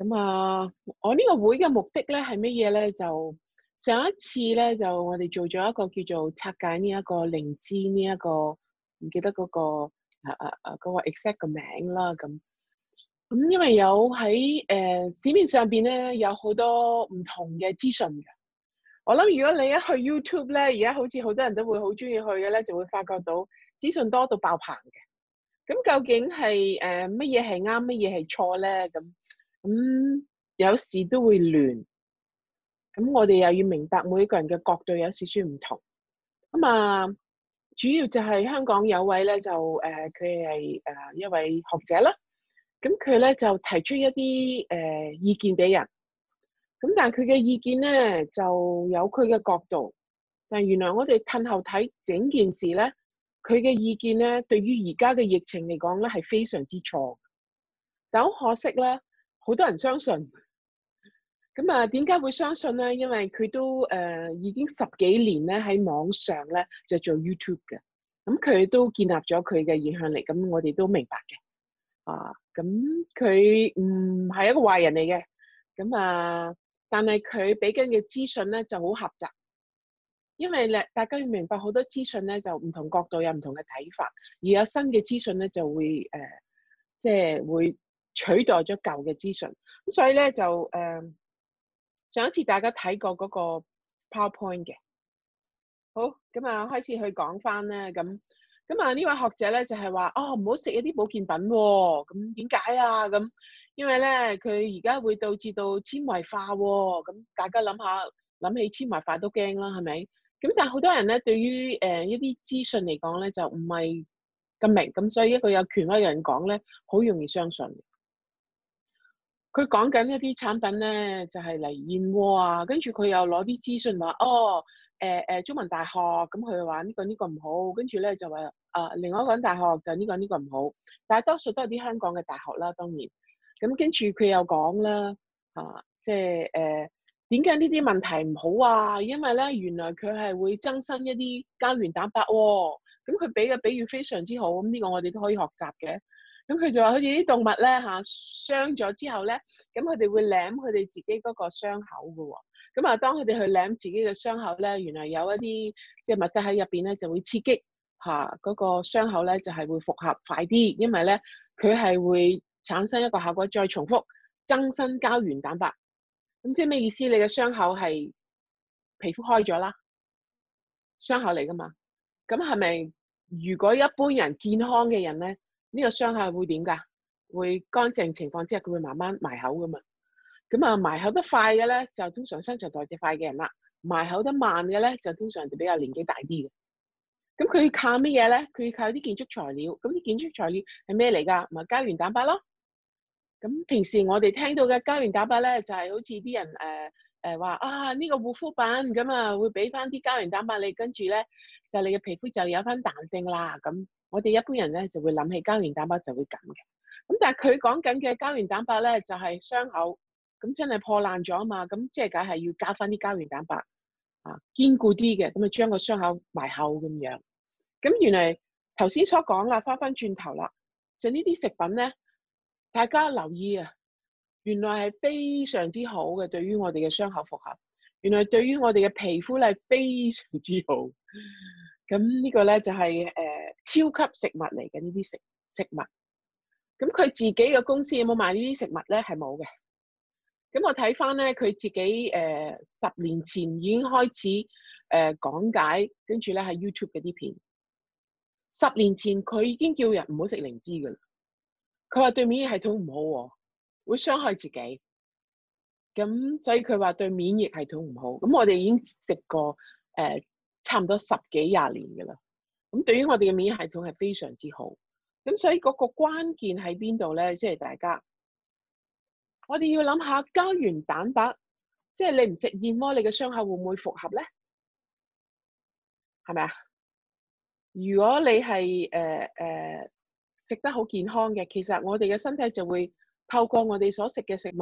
咁啊，我呢個會嘅目的咧係咩嘢咧？就上一次咧就我哋做咗一個叫做拆解呢一個靈芝呢一個唔記得嗰、嗰個啊啊啊、嗰個 exact 個名啦。咁咁因為有喺誒、呃、市面上邊咧有好多唔同嘅資訊嘅。我諗如果你一去 YouTube 咧，而家好似好多人都會好中意去嘅咧，就會發覺到資訊多到爆棚嘅。咁究竟係誒乜嘢係啱，乜嘢係錯咧？咁咁、嗯、有時都會亂，咁我哋又要明白每一個人嘅角度有少少唔同，咁啊，主要就係香港有位咧就誒佢係誒一位學者啦，咁佢咧就提出一啲誒、呃、意見畀人，咁但係佢嘅意見咧就有佢嘅角度，但係原來我哋褪後睇整件事咧，佢嘅意見咧對於而家嘅疫情嚟講咧係非常之錯，但可惜咧。好多人相信，咁啊，點解會相信咧？因為佢都誒、呃、已經十幾年咧喺網上咧就做 YouTube 嘅，咁佢都建立咗佢嘅影響力。咁我哋都明白嘅，啊，咁佢唔係一個壞人嚟嘅，咁啊，但係佢俾緊嘅資訊咧就好狹窄，因為咧大家要明白好多資訊咧就唔同角度有唔同嘅睇法，而有新嘅資訊咧就會誒，即、呃、係、就是、會。取代咗舊嘅資訊，咁所以咧就誒、呃，上一次大家睇過嗰個 PowerPoint 嘅，好，咁啊開始去講翻咧，咁咁啊呢位學者咧就係、是、話哦唔好食一啲保健品喎，啊，咁點解啊咁？因為咧佢而家會導致到纖維化，啊，咁大家諗下諗起纖維化都驚啦，係咪？咁但係好多人咧對於誒、呃、一啲資訊嚟講咧就唔係咁明，咁所以一個有權威嘅人講咧，好容易相信。佢講緊一啲產品咧，就係嚟燕窩啊，跟住佢又攞啲資訊話，哦，誒誒中文大學，咁佢話呢個呢個唔好，跟住咧就話啊，另外一個大學就呢個呢個唔好，但係多數都係啲香港嘅大學啦，當然，咁跟住佢又講啦，啊，即係誒點解呢啲問題唔好啊？因為咧，原來佢係會增生一啲膠原蛋白喎，咁佢俾嘅比喻非常之好，咁呢個我哋都可以學習嘅。咁佢就話好似啲動物咧嚇傷咗之後咧，咁佢哋會舐佢哋自己嗰個傷口噶喎、哦。咁啊，當佢哋去舐自己嘅傷口咧，原來有一啲即係物質喺入邊咧，就會刺激嚇嗰、那個傷口咧，就係、是、會復合快啲，因為咧佢係會產生一個效果，再重複增生膠原蛋白。咁即係咩意思？你嘅傷口係皮膚開咗啦，傷口嚟噶嘛？咁係咪？如果一般人健康嘅人咧？呢個傷害會點噶？會乾淨情況之下，佢會慢慢埋口噶嘛。咁啊，埋口得快嘅咧，就通常新陳代謝快嘅人啦。埋口得慢嘅咧，就通常就比較年紀大啲嘅。咁佢靠乜嘢咧？佢靠啲建築材料。咁啲建築材料係咩嚟噶？咪膠原蛋白咯。咁平時我哋聽到嘅膠原蛋白咧，就係好似啲人誒誒話啊，呢個護膚品咁啊，會俾翻啲膠原蛋白你，跟住咧就你嘅皮膚就有翻彈性啦咁。我哋一般人咧就會諗起膠原蛋白就會咁嘅，咁但係佢講緊嘅膠原蛋白咧就係傷口咁真係破爛咗啊嘛，咁即係梗係要加翻啲膠原蛋白啊堅固啲嘅，咁啊將個傷口埋口咁樣。咁原來頭先所講啦，翻翻轉頭啦，就呢啲食品咧，大家留意啊，原來係非常之好嘅對於我哋嘅傷口復合，原來對於我哋嘅皮膚咧係非常之好。咁呢個咧就係誒。呃超級食物嚟嘅呢啲食食物，咁佢自己嘅公司有冇賣呢啲食物咧？係冇嘅。咁我睇翻咧，佢自己誒十、呃、年前已經開始誒、呃、講解，跟住咧喺 YouTube 嗰啲片。十年前佢已經叫人唔好食靈芝嘅啦，佢話對免疫系統唔好、啊，會傷害自己。咁所以佢話對免疫系統唔好。咁我哋已經食過誒、呃、差唔多十幾廿年嘅啦。咁對於我哋嘅免疫系統係非常之好，咁所以嗰個關鍵喺邊度咧？即係大家，我哋要諗下膠原蛋白，即係你唔食燕窩，你嘅傷口會唔會復合咧？係咪啊？如果你係誒誒食得好健康嘅，其實我哋嘅身體就會透過我哋所食嘅食物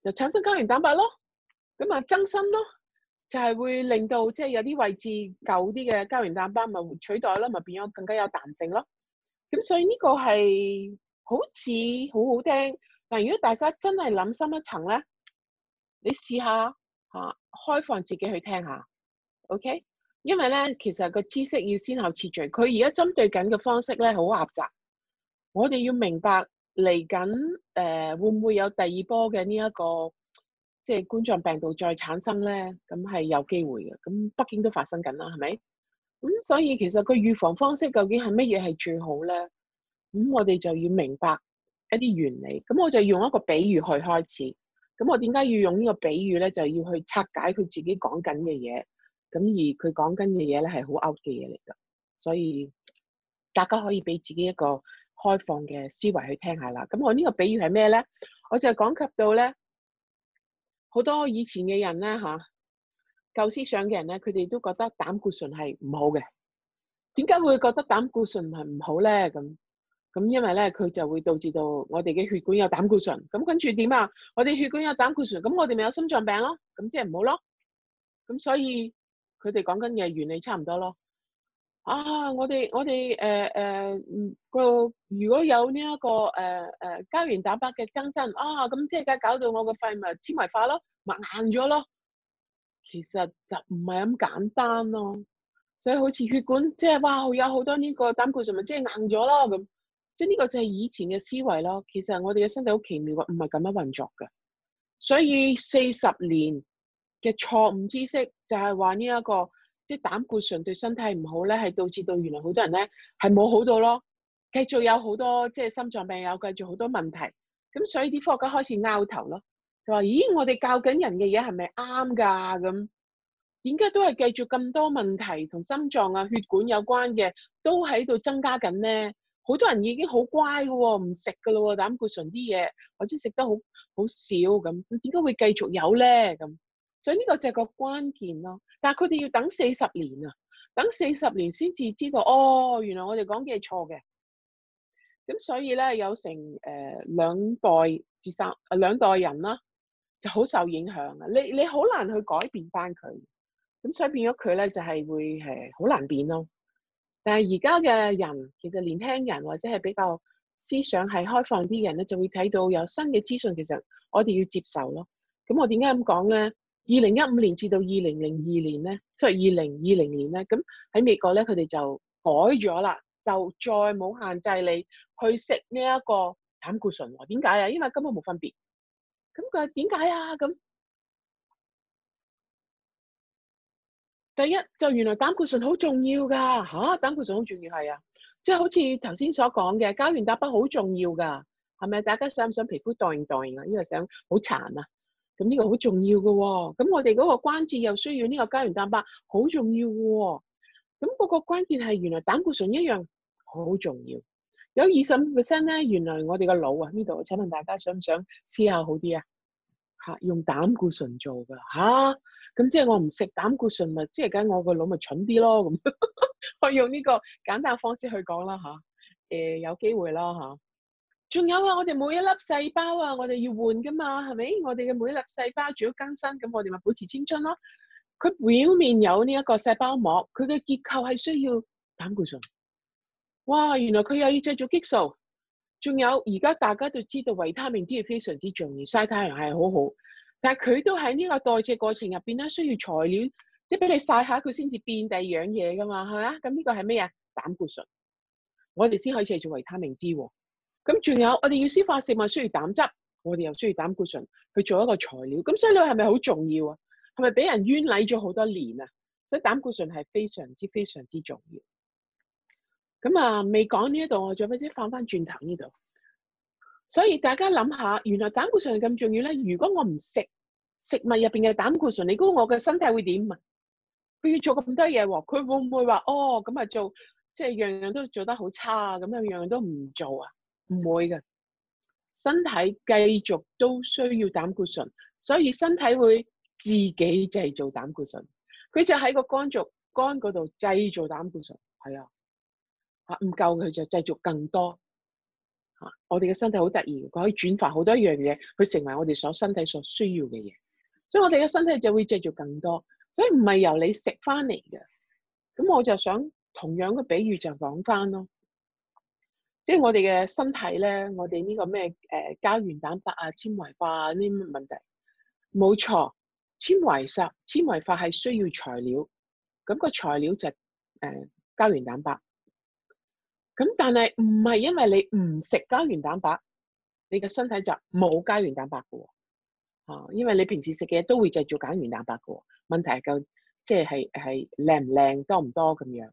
就產生膠原蛋白咯，咁啊增生咯。就係會令到即係有啲位置舊啲嘅膠原蛋白，咪取代啦，咪變咗更加有彈性咯。咁所以呢個係好似好好聽。但如果大家真係諗深一層咧，你試下嚇開放自己去聽下，OK？因為咧，其實個知識要先後次序。佢而家針對緊嘅方式咧，好狹窄。我哋要明白嚟緊誒會唔會有第二波嘅呢一個？即係冠狀病毒再產生咧，咁係有機會嘅。咁北京都發生緊啦，係咪？咁所以其實個預防方式究竟係乜嘢係最好咧？咁我哋就要明白一啲原理。咁我就用一個比喻去開始。咁我點解要用呢個比喻咧？就要去拆解佢自己講緊嘅嘢。咁而佢講緊嘅嘢咧係好 out 嘅嘢嚟㗎。所以大家可以俾自己一個開放嘅思維去聽下啦。咁我呢個比喻係咩咧？我就係講及到咧。好多以前嘅人咧吓，舊思想嘅人咧，佢哋都覺得膽固醇係唔好嘅。點解會覺得膽固醇係唔好咧？咁咁因為咧，佢就會導致到我哋嘅血管有膽固醇，咁跟住點啊？我哋血管有膽固醇，咁我哋咪有心臟病咯，咁即係唔好咯。咁所以佢哋講緊嘅原理差唔多咯。啊！我哋我哋誒誒個，如果有呢一個誒誒膠原蛋白嘅增生啊，咁即係而家搞到我個肺物纖維化咯，咪硬咗咯。其實就唔係咁簡單咯，所以好似血管即係哇，有好多呢個膽固醇咪即係硬咗咯咁，即係呢個就係以前嘅思維咯。其實我哋嘅身體好奇妙嘅，唔係咁樣運作嘅。所以四十年嘅錯誤知識就係話呢一個。啲膽固醇對身體唔好咧，係導致到原來好多人咧係冇好到咯。繼續有好多即係心臟病有，繼續好多問題。咁所以啲科學家開始拗頭咯，就話：咦，我哋教緊人嘅嘢係咪啱㗎？咁點解都係繼續咁多問題同心臟啊血管有關嘅都喺度增加緊咧？好多人已經好乖㗎喎，唔食㗎咯喎膽固醇啲嘢，或者食得好好少咁，點解會繼續有咧？咁？所以呢個就係個關鍵咯，但係佢哋要等四十年啊，等四十年先至知道哦，原來我哋講嘅係錯嘅。咁所以咧，有成誒兩、呃、代至三啊兩、呃、代人啦，就好受影響啊。你你好難去改變返佢，咁所以變咗佢咧就係、是、會誒好、呃、難變咯。但係而家嘅人其實年輕人或者係比較思想係開放啲人咧，就會睇到有新嘅資訊，其實我哋要接受咯。咁我點解咁講咧？二零一五年至到二零零二年咧，即係二零二零年咧，咁喺美國咧，佢哋就改咗啦，就再冇限制你去食呢一個膽固醇啦。點解啊？因為根本冇分別。咁佢點解啊？咁第一就原來膽固醇好重要噶吓，膽固醇好重要係啊，即係好似頭先所講嘅膠原蛋白好重要噶，係咪？大家想唔想皮膚代應代應啊？因為想好殘啊！咁、這、呢個好重要嘅喎、哦，咁我哋嗰個關節又需要呢個膠原蛋白，好重要喎、哦。咁、那、嗰、個、個關鍵係原來膽固醇一樣好重要，有二十 percent 咧。原來我哋個腦啊呢度，我請問大家想唔想試下好啲啊？嚇，用膽固醇做嘅吓？咁即係我唔食膽固醇咪、就是，即係緊我個腦咪蠢啲咯咁。這 我用呢個簡單方式去講啦吓？誒、呃、有機會啦嚇。仲有啊！我哋每一粒細胞啊，我哋要換噶嘛，係咪？我哋嘅每一粒細胞只要更新，咁我哋咪保持青春咯、啊。佢表面有呢一個細胞膜，佢嘅結構係需要膽固醇。哇！原來佢又要製造激素。仲有而家大家都知道維他命 D 非常之重要，曬太陽係好好，但係佢都喺呢個代謝過程入邊咧，需要材料，即係俾你曬下佢先至變第二樣嘢噶嘛，係嘛？咁呢個係咩啊？膽固醇，我哋先可以製造維他命 D 喎。咁仲有，我哋要消化食物需要膽汁，我哋又需要膽固醇去做一個材料。咁所以你話係咪好重要啊？係咪俾人冤枉咗好多年啊？所以膽固醇係非常之非常之重要。咁啊，未講呢一度，我最尾先返翻轉頭呢度。所以大家諗下，原來膽固醇咁重要咧。如果我唔食食物入邊嘅膽固醇，你估我嘅身體會點啊？佢要做咁多嘢喎，佢會唔會話哦咁啊做？即係樣樣都做得好差啊，咁樣樣樣都唔做啊？唔會嘅，身體繼續都需要膽固醇，所以身體會自己製造膽固醇。佢就喺個肝臟肝嗰度製造膽固醇，係啊，吓唔夠佢就製造更多。吓、啊，我哋嘅身體好得意，佢可以轉化好多一樣嘢，佢成為我哋所身體所需要嘅嘢。所以我哋嘅身體就會製造更多。所以唔係由你食翻嚟嘅。咁我就想同樣嘅比喻就講翻咯。即係我哋嘅身體咧，我哋呢個咩誒膠原蛋白啊、纖維化啊呢啲問題，冇錯。纖維實、纖維化係需要材料，咁、個材料就誒、是、膠、呃、原蛋白。咁但係唔係因為你唔食膠原蛋白，你嘅身體就冇膠原蛋白嘅喎、啊。因為你平時食嘅嘢都會製造膠原蛋白嘅。問題係夠，即係係係靚唔靚多唔多咁樣。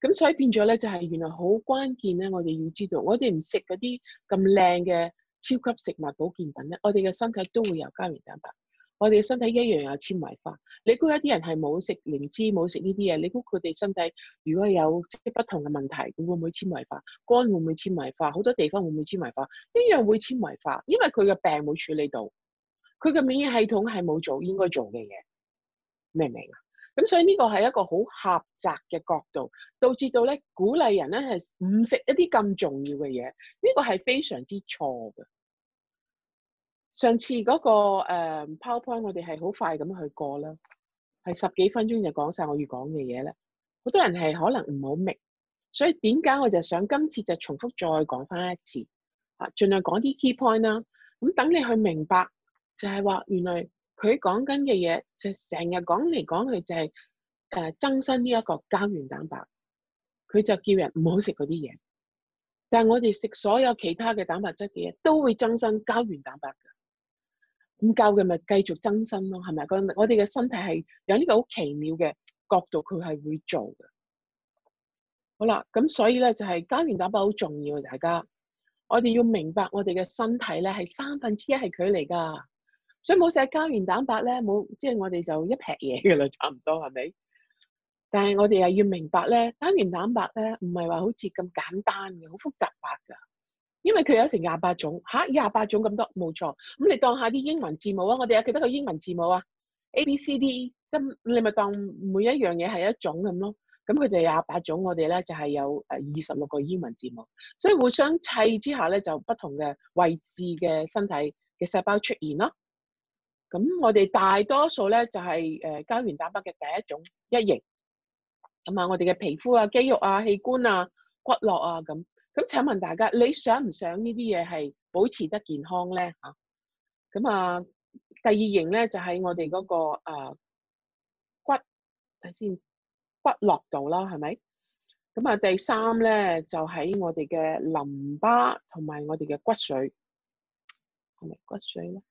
咁所以變咗咧，就係原來好關鍵咧。我哋要知道，我哋唔食嗰啲咁靚嘅超級食物保健品咧，我哋嘅身體都會有膠原蛋白，我哋嘅身體一樣有纖維化。你估一啲人係冇食靈芝冇食呢啲嘢，你估佢哋身體如果有即啲不同嘅問題，會唔會纖維化？肝會唔會纖維化？好多地方會唔會纖維化？一樣會纖維化，因為佢嘅病冇處理到，佢嘅免疫系統係冇做應該做嘅嘢。明唔明啊？咁、嗯、所以呢個係一個好狹窄嘅角度，導致到咧鼓勵人咧係唔食一啲咁重要嘅嘢，呢個係非常之錯嘅。上次嗰、嗰個、呃、PowerPoint 我哋係好快咁去過啦，係十幾分鐘就講晒我要講嘅嘢咧。好多人係可能唔好明，所以點解我就想今次就重複再講翻一次，啊，盡量講啲 key point 啦、啊。咁等你去明白，就係話原來。佢講緊嘅嘢就成日講嚟講去就係誒增生呢一個膠原蛋白，佢就叫人唔好食嗰啲嘢。但係我哋食所有其他嘅蛋白質嘅嘢都會增生膠原蛋白嘅，咁夠嘅咪繼續增生咯，係咪？我哋嘅身體係有呢個好奇妙嘅角度，佢係會做嘅。好啦，咁所以咧就係、是、膠原蛋白好重要，大家，我哋要明白我哋嘅身體咧係三分之一係佢嚟噶。所以冇食膠原蛋白咧，冇即係我哋就一劈嘢嘅啦，差唔多係咪？但係我哋又要明白咧，膠原蛋白咧唔係話好似咁簡單嘅，好複雜化噶。因為佢有成廿八種吓，廿八種咁多，冇錯。咁你當一下啲英文字母啊，我哋有幾多個英文字母啊？A、B、C、D，咁你咪當每一樣嘢係一種咁咯。咁佢就廿八種，我哋咧就係有誒二十六個英文字母，所以互相砌之下咧，就不同嘅位置嘅身體嘅細胞出現咯。咁我哋大多數咧就係誒膠原蛋白嘅第一種一型，咁啊，我哋嘅皮膚啊、肌肉啊、器官啊、骨骼啊咁。咁請問大家，你想唔想呢啲嘢係保持得健康咧？嚇！咁啊，第二型咧就係我哋嗰個誒骨，睇先骨骼度啦，係咪？咁啊，第三咧就喺我哋嘅淋巴同埋我哋嘅骨髓，係咪骨髓咧？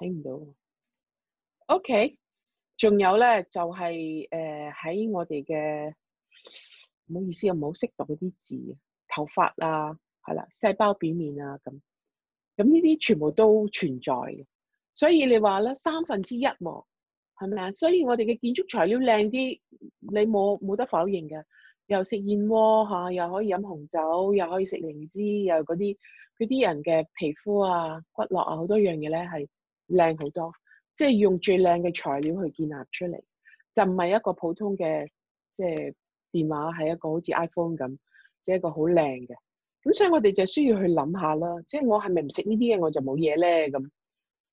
睇唔到。OK，仲有咧就係誒喺我哋嘅，唔好意思，我唔好識讀嗰啲字，頭髮啦、啊，係啦，細胞表面啊，咁，咁呢啲全部都存在嘅。所以你話咧，三分之一喎，係咪啊？所以我哋嘅建築材料靚啲，你冇冇得否認嘅。又食燕窩嚇、啊，又可以飲紅酒，又可以食靈芝，又嗰啲佢啲人嘅皮膚啊、骨骼啊，好多樣嘢咧係。靚好多，即係用最靚嘅材料去建立出嚟，就唔係一個普通嘅即係電話，係一個好似 iPhone 咁，即係一個好靚嘅。咁所以我哋就需要去諗下啦，即係我係咪唔食呢啲嘢，我就冇嘢咧？咁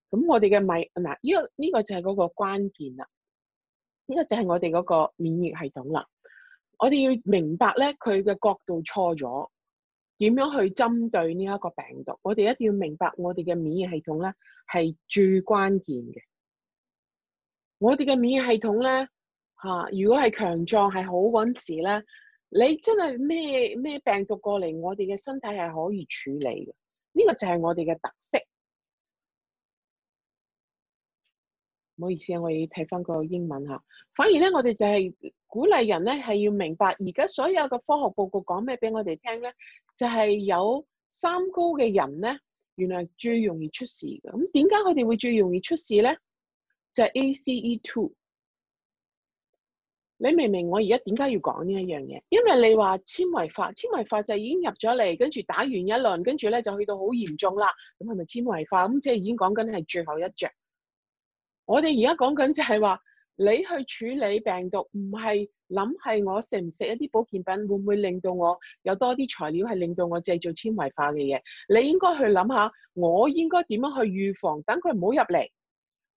咁我哋嘅米嗱呢個呢個就係嗰個關鍵啦，呢個就係我哋嗰個免疫系統啦。我哋要明白咧，佢嘅角度錯咗。點樣去針對呢一個病毒？我哋一定要明白，我哋嘅免疫系統咧係最關鍵嘅。我哋嘅免疫系統咧，吓，如果係強壯係好嗰陣時咧，你真係咩咩病毒過嚟，我哋嘅身體係可以處理嘅。呢個就係我哋嘅特色。唔好意思啊，我哋要睇翻個英文吓。反而咧，我哋就係鼓勵人咧，係要明白而家所有嘅科學報告講咩俾我哋聽咧，就係有三高嘅人咧，原來最容易出事嘅。咁點解佢哋會最容易出事咧？就係 ACE2。你明唔明我而家點解要講呢一樣嘢？因為你話纖維化，纖維化就已經入咗嚟，跟住打完一輪，跟住咧就去到好嚴重啦。咁係咪纖維化？咁即係已經講緊係最後一着。我哋而家講緊就係話，你去處理病毒，唔係諗係我食唔食一啲保健品會唔會令到我有多啲材料係令到我製造纖維化嘅嘢？你應該去諗下，我應該點樣去預防，等佢唔好入嚟，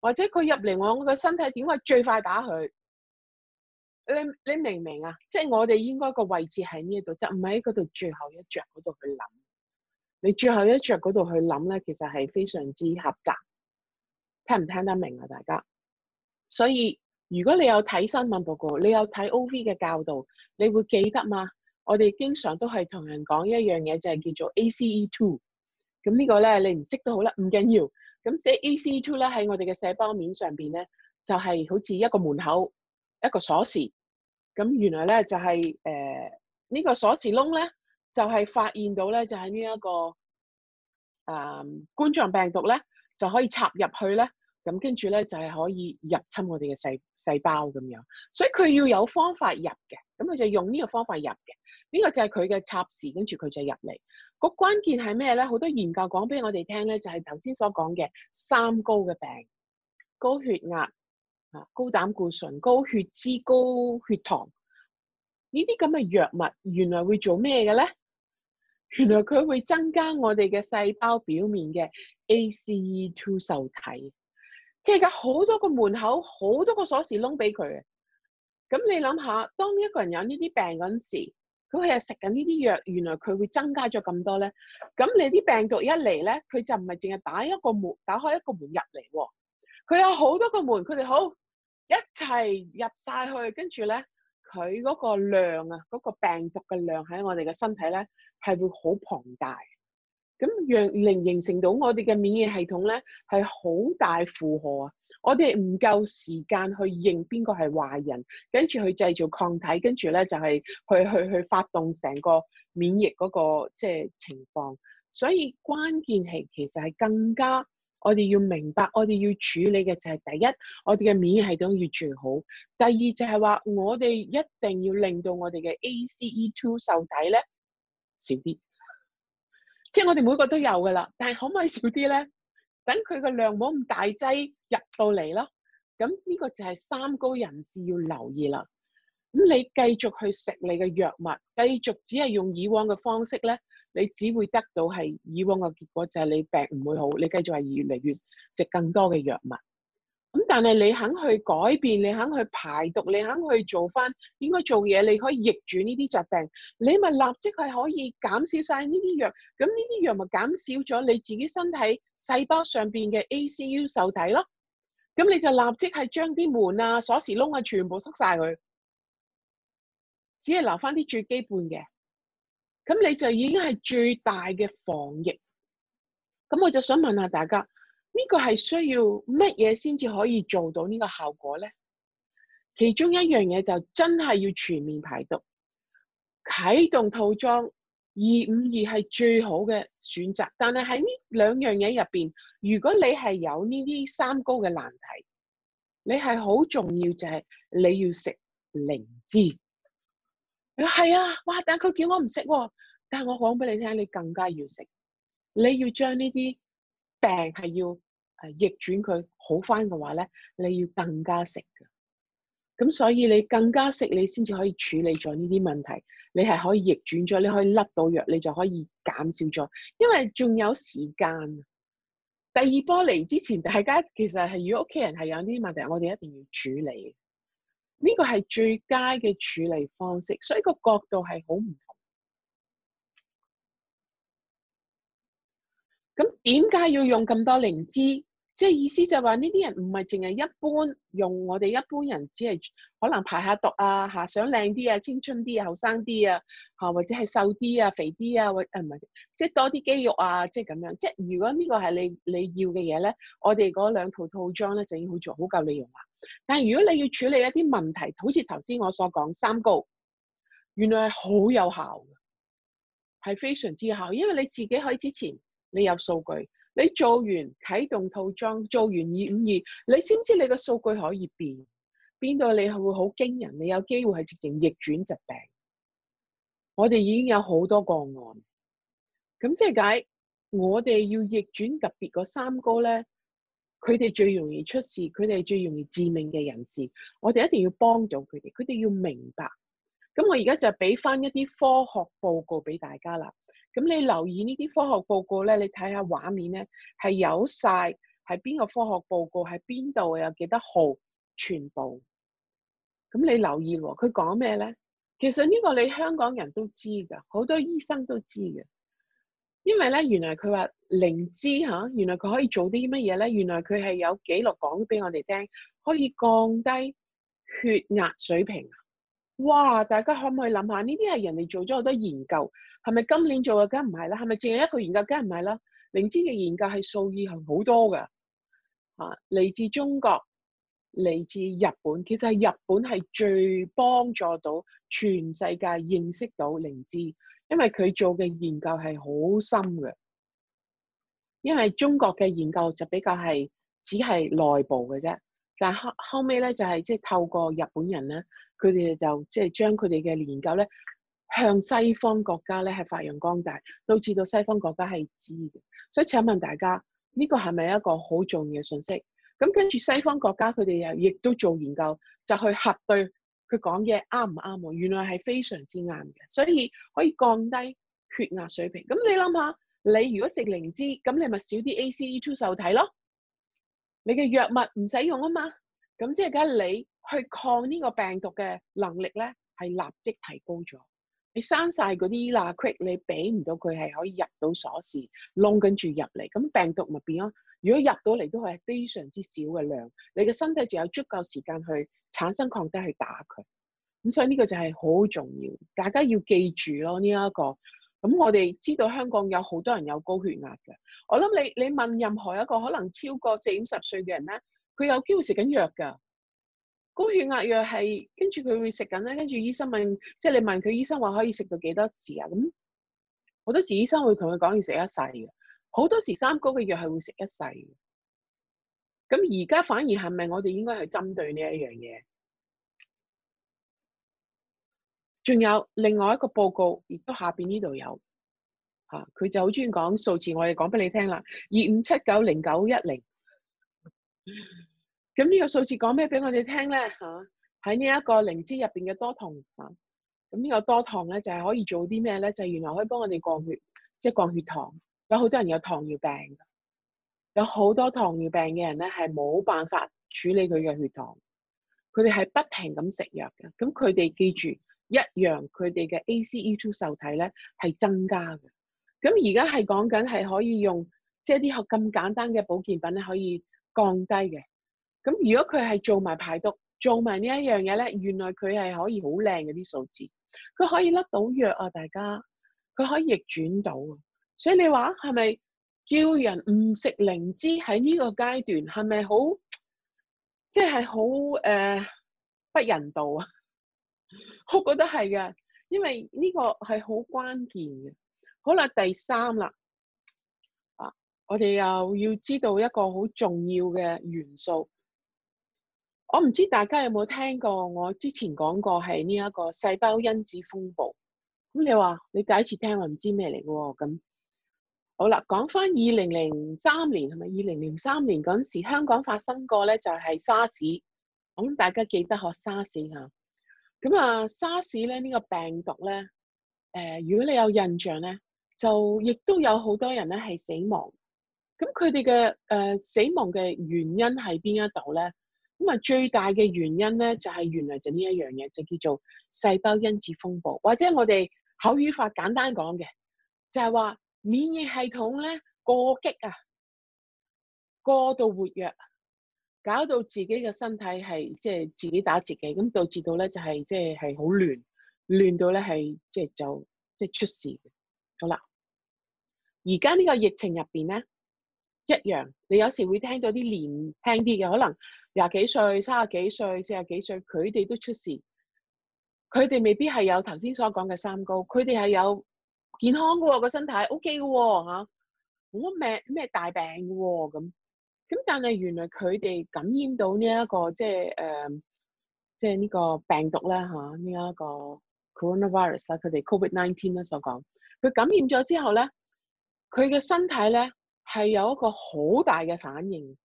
或者佢入嚟我我嘅身體點去最快打佢？你你明唔明啊？即係我哋應該個位置喺呢度，即係唔喺嗰度最後一着嗰度去諗。你最後一着嗰度去諗咧，其實係非常之狹窄。聽唔聽得明白啊？大家，所以如果你有睇新聞報告，你有睇 O.V. 嘅教導，你會記得嘛？我哋經常都係同人講一樣嘢，就係、是、叫做 A.C.E. two。咁、嗯這個、呢個咧，你唔識都好啦，唔緊要。咁寫 A.C.E. two 咧，喺我哋嘅細胞面上邊咧，就係、是、好似一個門口一個鎖匙。咁、嗯、原來咧就係誒呢個鎖匙窿咧，就係、是呃這個就是、發現到咧就係呢一個誒、呃、冠狀病毒咧就可以插入去咧。咁跟住咧就係可以入侵我哋嘅細細胞咁樣，所以佢要有方法入嘅，咁佢就用呢個方法入嘅，呢個就係佢嘅插匙，跟住佢就入嚟。個關鍵係咩咧？好多研究講俾我哋聽咧，就係頭先所講嘅三高嘅病：高血壓、啊高膽固醇、高血脂、高血糖。呢啲咁嘅藥物原來會做咩嘅咧？原來佢會增加我哋嘅細胞表面嘅 ACE2 受體。即係有好多個門口，好多個鎖匙窿俾佢嘅。咁你諗下，當一個人有呢啲病嗰陣時，佢係食緊呢啲藥，原來佢會增加咗咁多咧。咁你啲病毒一嚟咧，佢就唔係淨係打一個門，打開一個門入嚟。佢有好多個門，佢哋好一齊入晒去，跟住咧，佢嗰個量啊，嗰、那個病毒嘅量喺我哋嘅身體咧，係會好龐大。咁讓令形成到我哋嘅免疫系統咧係好大負荷啊！我哋唔夠時間去認邊個係壞人，跟住去製造抗體，跟住咧就係、是、去去去發動成個免疫嗰、那個即係、就是、情況。所以關鍵係其實係更加，我哋要明白，我哋要處理嘅就係第一，我哋嘅免疫系統要最好；第二就係話我哋一定要令到我哋嘅 ACE2 受體咧少啲。即係我哋每個都有噶啦，但係可唔可以少啲咧？等佢個量冇咁大劑入到嚟咯。咁呢個就係三高人士要留意啦。咁你繼續去食你嘅藥物，繼續只係用以往嘅方式咧，你只會得到係以往嘅結果，就係你病唔會好。你繼續係越嚟越食更多嘅藥物。咁但係你肯去改變，你肯去排毒，你肯去做翻應該做嘢，你可以逆轉呢啲疾病。你咪立即係可以減少晒呢啲藥。咁呢啲藥咪減少咗你自己身體細胞上邊嘅 A C U 受體咯。咁你就立即係將啲門啊、鎖匙窿啊全部塞晒佢，只係留翻啲最基本嘅。咁你就已經係最大嘅防疫。咁我就想問下大家。呢、這個係需要乜嘢先至可以做到呢個效果咧？其中一樣嘢就真係要全面排毒，啟動套裝二五二係最好嘅選擇。但係喺呢兩樣嘢入邊，如果你係有呢啲三高嘅難題，你係好重要就係你要食靈芝。啊，係啊，哇！但佢叫我唔食，啊，但係我講俾你聽，你更加要食。你要將呢啲。病係要逆轉佢好翻嘅話咧，你要更加食嘅。咁所以你更加食，你先至可以處理咗呢啲問題。你係可以逆轉咗，你可以甩到藥，你就可以減少咗，因為仲有時間。第二波嚟之前，大家其實係如果屋企人係有呢啲問題，我哋一定要處理。呢個係最佳嘅處理方式，所以個角度係好唔同。咁點解要用咁多靈芝？即係意思就話呢啲人唔係淨係一般用，我哋一般人只係可能排下毒啊、嚇想靚啲啊、青春啲啊、後生啲啊、嚇或者係瘦啲啊、肥啲啊，或誒唔係，即係多啲肌肉啊，即係咁樣。即係如果呢個係你你要嘅嘢咧，我哋嗰兩套套裝咧就已經好似好夠利用啦。但係如果你要處理一啲問題，好似頭先我所講三高，原來係好有效，係非常之有效，因為你自己可以之前。你有數據，你做完啟動套裝，做完二五二，你先知你個數據可以變，變到你係會好驚人。你有機會係直情逆轉疾病。我哋已經有好多個案，咁即係解我哋要逆轉特別嗰三哥咧，佢哋最容易出事，佢哋最容易致命嘅人士，我哋一定要幫到佢哋，佢哋要明白。咁我而家就俾翻一啲科學報告俾大家啦。咁你留意呢啲科學報告咧，你睇下畫面咧，係有晒係邊個科學報告，喺邊度有幾多號全部。咁你留意喎、哦，佢講咩咧？其實呢個你香港人都知噶，好多醫生都知嘅。因為咧，原來佢話靈芝嚇，原來佢可以做啲乜嘢咧？原來佢係有記錄講俾我哋聽，可以降低血壓水平。哇！大家可唔可以諗下呢啲係人哋做咗好多研究，係咪今年做嘅？梗唔係啦，係咪淨係一個研究？梗唔係啦。靈芝嘅研究係數以紅好多㗎，啊，嚟自中國，嚟自日本，其實係日本係最幫助到全世界認識到靈芝，因為佢做嘅研究係好深嘅，因為中國嘅研究就比較係只係內部嘅啫。但後後尾咧就係即係透過日本人咧，佢哋就即係將佢哋嘅研究咧向西方國家咧係發揚光大，導致到西方國家係知嘅。所以請問大家，呢個係咪一個好重要嘅信息？咁跟住西方國家佢哋又亦都做研究，就去核對佢講嘢啱唔啱喎？原來係非常之啱嘅，所以可以降低血壓水平。咁你諗下，你如果食靈芝，咁你咪少啲 A C E two 受體咯。你嘅藥物唔使用啊嘛，咁即係梗係你去抗呢個病毒嘅能力咧係立即提高咗。你刪晒嗰啲 naque，你俾唔到佢係可以入到鎖匙窿跟住入嚟，咁病毒咪變咯。如果入到嚟都係非常之少嘅量，你嘅身體就有足夠時間去產生抗體去打佢。咁所以呢個就係好重要，大家要記住咯呢一、這個。咁我哋知道香港有好多人有高血壓嘅，我諗你你問任何一個可能超過四五十歲嘅人咧，佢有機會食緊藥嘅，高血壓藥係跟住佢會食緊咧，跟住醫生問，即係你問佢醫生話可以食到幾多時啊？咁好多時醫生會同佢講要食一世嘅，好多時三高嘅藥係會食一世嘅。咁而家反而係咪我哋應該去針對呢一樣嘢？仲有另外一個報告，亦都下面呢度有，吓、啊、佢就好中意講數字，我哋講俾你聽啦，二五七九零九一零，咁呢個數字講咩俾我哋聽咧？吓，喺呢一個靈芝入面嘅多糖，咁、啊、呢個多糖咧就係、是、可以做啲咩咧？就係、是、原來可以幫我哋降血，即、就、係、是、降血糖。有好多人有糖尿病，有好多糖尿病嘅人咧係冇辦法處理佢嘅血糖，佢哋係不停咁食藥嘅。咁佢哋記住。一樣佢哋嘅 ACE2 受體咧係增加嘅，咁而家係講緊係可以用即係啲學咁簡單嘅保健品咧可以降低嘅。咁如果佢係做埋排毒、做埋呢一樣嘢咧，原來佢係可以好靚嘅啲數字，佢可以甩到藥啊！大家佢可以逆轉到，所以你話係咪叫人唔食靈芝喺呢個階段係咪好即係好誒不人道啊？我覺得係嘅，因為呢個係好關鍵嘅。好啦，第三啦，啊，我哋又要知道一個好重要嘅元素。我唔知道大家有冇聽過，我之前講過係呢一個細胞因子風暴。咁你話你第一次聽話唔知咩嚟嘅，咁好啦。講翻二零零三年係咪？二零零三年嗰陣時候，香港發生過咧就係沙士。咁大家記得學沙士啊？咁啊，SARS 咧呢、這個病毒咧，誒、呃，如果你有印象咧，就亦都有好多人咧係死亡。咁佢哋嘅誒死亡嘅原因係邊一度咧？咁啊，最大嘅原因咧就係、是、原來就呢一樣嘢，就叫做細胞因子風暴，或者我哋口語法簡單講嘅，就係、是、話免疫系統咧過激啊，過度活躍。搞到自己嘅身體係即係自己打自己，咁導致到咧就係即係係好亂，亂到咧係即係就即係出事嘅。好啦，而家呢個疫情入邊咧一樣，你有時會聽到啲年輕啲嘅，可能廿幾歲、三十幾歲、四十幾歲，佢哋都出事，佢哋未必係有頭先所講嘅三高，佢哋係有健康嘅喎，個身體 O K 嘅喎嚇，冇乜咩咩大病嘅喎咁。啊。咁但係原來佢哋感染到呢、這、一個即係誒，即係呢、呃、個病毒咧嚇，呢、啊、一、這個 coronavirus 咧、啊，佢哋 COVID-19 咧所講，佢感染咗之後咧，佢嘅身體咧係有一個好大嘅反應。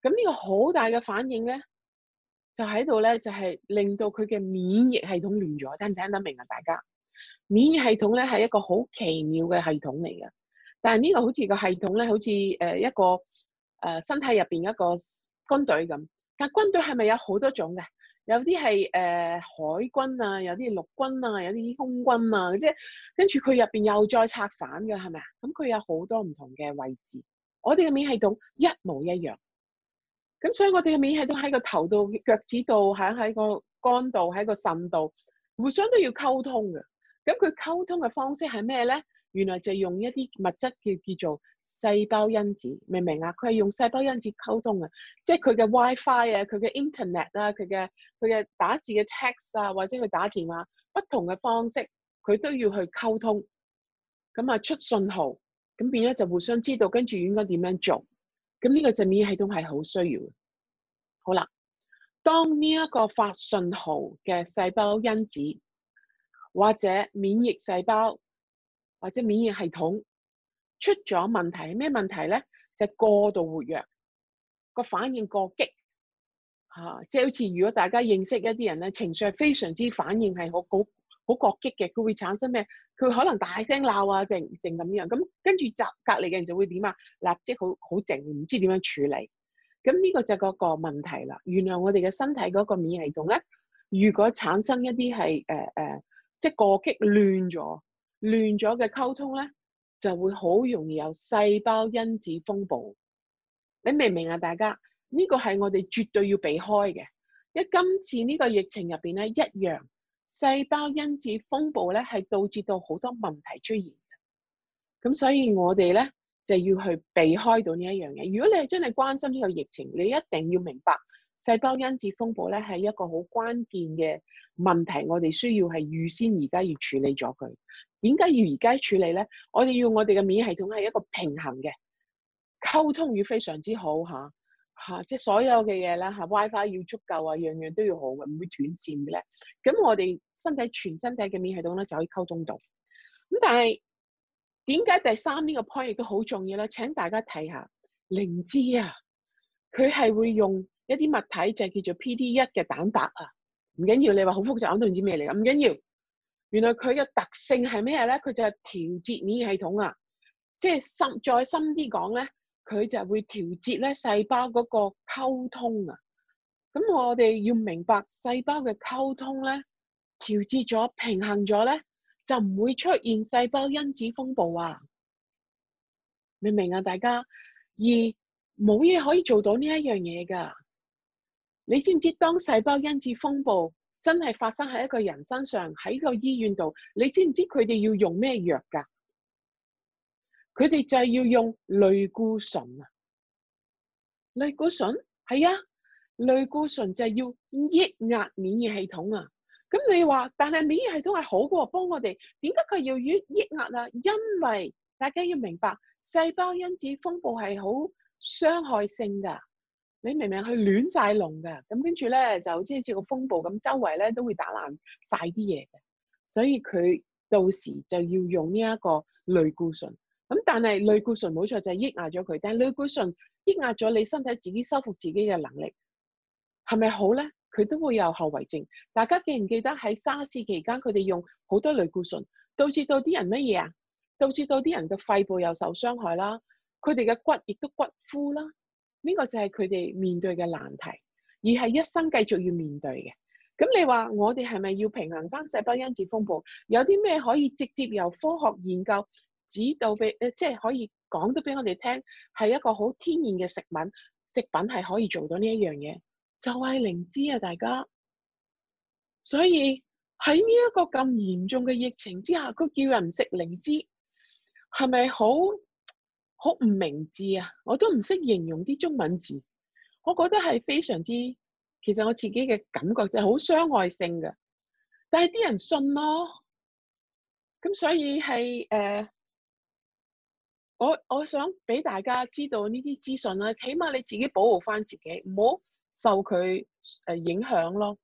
咁呢個好大嘅反應咧，就喺度咧，就係、是、令到佢嘅免疫系統亂咗。聽唔聽得明啊？大家免疫系統咧係一個好奇妙嘅系統嚟嘅，但係呢個好似、這個系統咧，好似誒、呃、一個。誒身體入邊一個軍隊咁，但軍隊係咪有好多種嘅？有啲係誒海軍啊，有啲陸軍啊，有啲空軍啊，即係跟住佢入邊又再拆散嘅係咪啊？咁佢有好多唔同嘅位置，我哋嘅免疫系統一模一樣，咁所以我哋嘅免疫系統喺個頭度、腳趾度、喺喺個肝度、喺個腎度，互相都要溝通嘅。咁佢溝通嘅方式係咩咧？原來就係用一啲物質叫叫做。細胞因子明唔明啊？佢係用細胞因子溝通嘅，即係佢嘅 WiFi 啊，佢嘅 Internet 啊，佢嘅佢嘅打字嘅 text 啊，或者佢打電話，不同嘅方式佢都要去溝通，咁啊出信號，咁變咗就互相知道，跟住應該點樣做，咁呢個就免疫系統係好需要嘅。好啦，當呢一個發信號嘅細胞因子或者免疫細胞或者免疫系統。出咗問題，咩問題咧？就係、過度活躍，個反應過激嚇、啊，即係好似如果大家認識一啲人咧，情緒係非常之反應係好好好過激嘅，佢會產生咩？佢可能大聲鬧啊，靜靜咁樣，咁跟住隔隔離嘅人就會點啊？立即好好靜，唔知點樣處理。咁呢個就嗰個問題啦。原來我哋嘅身體嗰個免疫系統咧，如果產生一啲係誒誒，即係過激亂咗、亂咗嘅溝通咧，就會好容易有細胞因子風暴，你明唔明啊？大家呢個係我哋絕對要避開嘅。因為今次呢個疫情入邊咧，一樣細胞因子風暴咧係導致到好多問題出現嘅。咁所以我哋咧就要去避開到呢一樣嘢。如果你係真係關心呢個疫情，你一定要明白細胞因子風暴咧係一個好關鍵嘅問題，我哋需要係預先而家要處理咗佢。點解要而家處理咧？我哋要我哋嘅免疫系統係一個平衡嘅溝通，要非常之好吓吓，即、啊、係、啊啊、所有嘅嘢啦吓、啊、，WiFi 要足夠啊，樣樣都要好嘅，唔會斷線嘅咧。咁我哋身體全身體嘅免疫系統咧就可以溝通到。咁但係點解第三呢、呢個 point 亦都好重要咧？請大家睇下靈芝啊，佢係會用一啲物體就係、叫做 PD 一嘅蛋白啊，唔緊要，你話好複雜我都唔知咩嚟嘅，唔緊要。原來佢嘅特性係咩咧？佢就係調節免疫系統啊，即係深再深啲講咧，佢就會調節咧細胞嗰個溝通啊。咁我哋要明白細胞嘅溝通咧，調節咗平衡咗咧，就唔會出現細胞因子風暴啊。明唔明啊？大家而冇嘢可以做到呢一樣嘢噶。你知唔知當細胞因子風暴？真係發生喺一個人身上，喺個醫院度，你知唔知佢哋要用咩藥噶？佢哋就係要用類固醇啊，類固醇係啊，類固醇就係要抑壓免疫系統啊。咁你話，但係免疫系統係好嘅，幫我哋點解佢要要抑壓啊？因為大家要明白，細胞因子風暴係好傷害性噶。你明明去亂晒龍噶，咁跟住咧就即似個風暴咁，周圍咧都會打爛晒啲嘢嘅。所以佢到時就要用呢一個類固醇。咁但係類固醇冇錯就係、是、抑壓咗佢，但係類固醇抑壓咗你身體自己修復自己嘅能力，係咪好咧？佢都會有後遺症。大家記唔記得喺沙士期間佢哋用好多類固醇，導致到啲人乜嘢啊？導致到啲人嘅肺部又受傷害啦，佢哋嘅骨亦都骨枯啦。呢個就係佢哋面對嘅難題，而係一生繼續要面對嘅。咁你話我哋係咪要平衡翻細胞因子風暴？有啲咩可以直接由科學研究指導俾，呃，即係可以講到俾我哋聽，係一個好天然嘅食物，食品係可以做到呢一樣嘢，就係靈芝啊！大家，所以喺呢一個咁嚴重嘅疫情之下，佢叫人食靈芝，係咪好？好唔明智啊！我都唔識形容啲中文字，我覺得係非常之，其實我自己嘅感覺就係好傷害性嘅，但係啲人信咯，咁所以係誒、呃，我我想俾大家知道呢啲資訊啦，起碼你自己保護返自己，唔好受佢誒影響咯。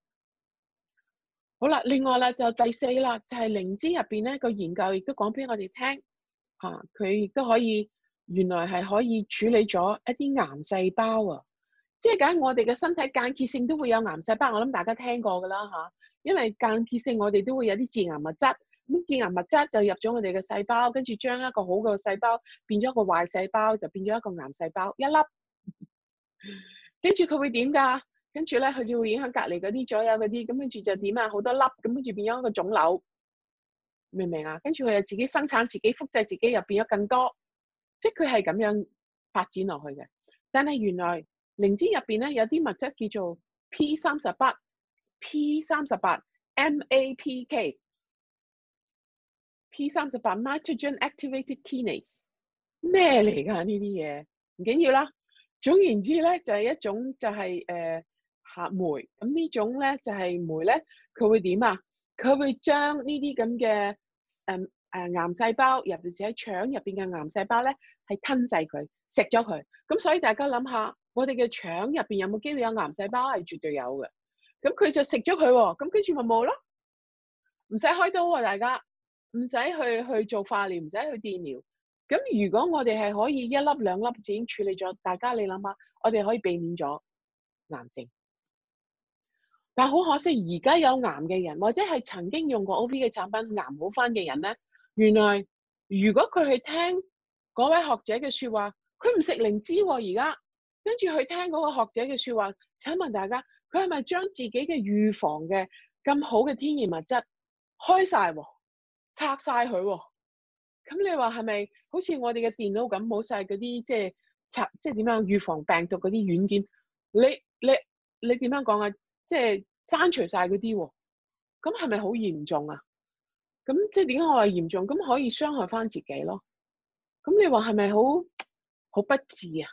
好啦，另外啦，就第四啦，就係靈芝入邊咧，個研究亦都講俾我哋聽吓，佢亦都可以。原來係可以處理咗一啲癌細胞啊！即係講我哋嘅身體間歇性都會有癌細胞，我諗大家聽過噶啦吓。因為間歇性我哋都會有啲致癌物質，咁致癌物質就入咗我哋嘅細胞，跟住將一個好嘅細胞變咗一個壞細胞，就變咗一個癌細胞一粒。跟住佢會點噶？跟住咧，佢就會影響隔籬嗰啲左右嗰啲，咁跟住就點啊？好多粒，咁跟住變咗一個腫瘤，明唔明啊？跟住佢又自己生產、自己複製、自己又變咗更多。即係佢係咁樣發展落去嘅，但係原來靈芝入邊咧有啲物質叫做 P38, P38, P 三十八、P 三十八 MAPK、P 三十八 mitogen activated kinase 咩嚟㗎呢啲嘢？唔緊要啦。總言之咧，就係、是、一種就係誒核酶。咁、呃、呢種咧就係酶咧，佢會點啊？佢會將呢啲咁嘅誒。呃誒、呃，癌細胞尤其係喺腸入邊嘅癌細胞咧，係吞噬佢，食咗佢。咁所以大家諗下，我哋嘅腸入邊有冇機會有癌細胞？係絕對有嘅。咁佢就食咗佢喎，咁跟住咪冇咯，唔使開刀啊，大家，唔使去去做化療，唔使去電療。咁如果我哋係可以一粒兩粒就已經處理咗，大家你諗下，我哋可以避免咗癌症。但係好可惜，而家有癌嘅人，或者係曾經用過 o p 嘅產品，癌好翻嘅人咧。原來如果佢去聽嗰位學者嘅說話，佢唔食靈芝喎，而家跟住去聽嗰個學者嘅說話，請問大家，佢係咪將自己嘅預防嘅咁好嘅天然物質開晒，拆晒佢？咁你話係咪好似我哋嘅電腦咁，冇晒嗰啲即係拆，即係點樣預防病毒嗰啲軟件？你你你點樣講啊？即係刪除晒嗰啲，咁係咪好嚴重啊？咁即係點解我話嚴重？咁可以傷害返自己咯。咁你話係咪好好不智啊？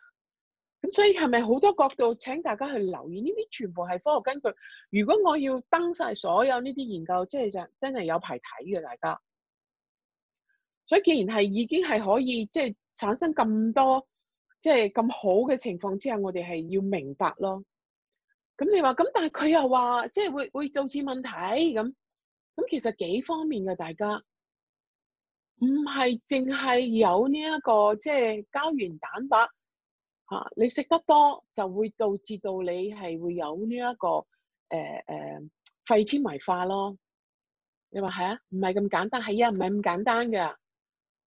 咁所以係咪好多角度請大家去留意呢啲？全部係科學根據。如果我要登晒所有呢啲研究，即係就真係有排睇嘅，大家。所以既然係已經係可以即係產生咁多即係咁好嘅情況之下，我哋係要明白咯。咁你話咁，但係佢又話即係會會導致問題咁。咁其實幾方面嘅，大家唔係淨係有呢、這、一個即係、就是、膠原蛋白嚇、啊，你食得多就會導致到你係會有呢、這、一個誒誒、呃呃、肺纖維化咯。你話係啊？唔係咁簡單，係啊，唔係咁簡單嘅嚇、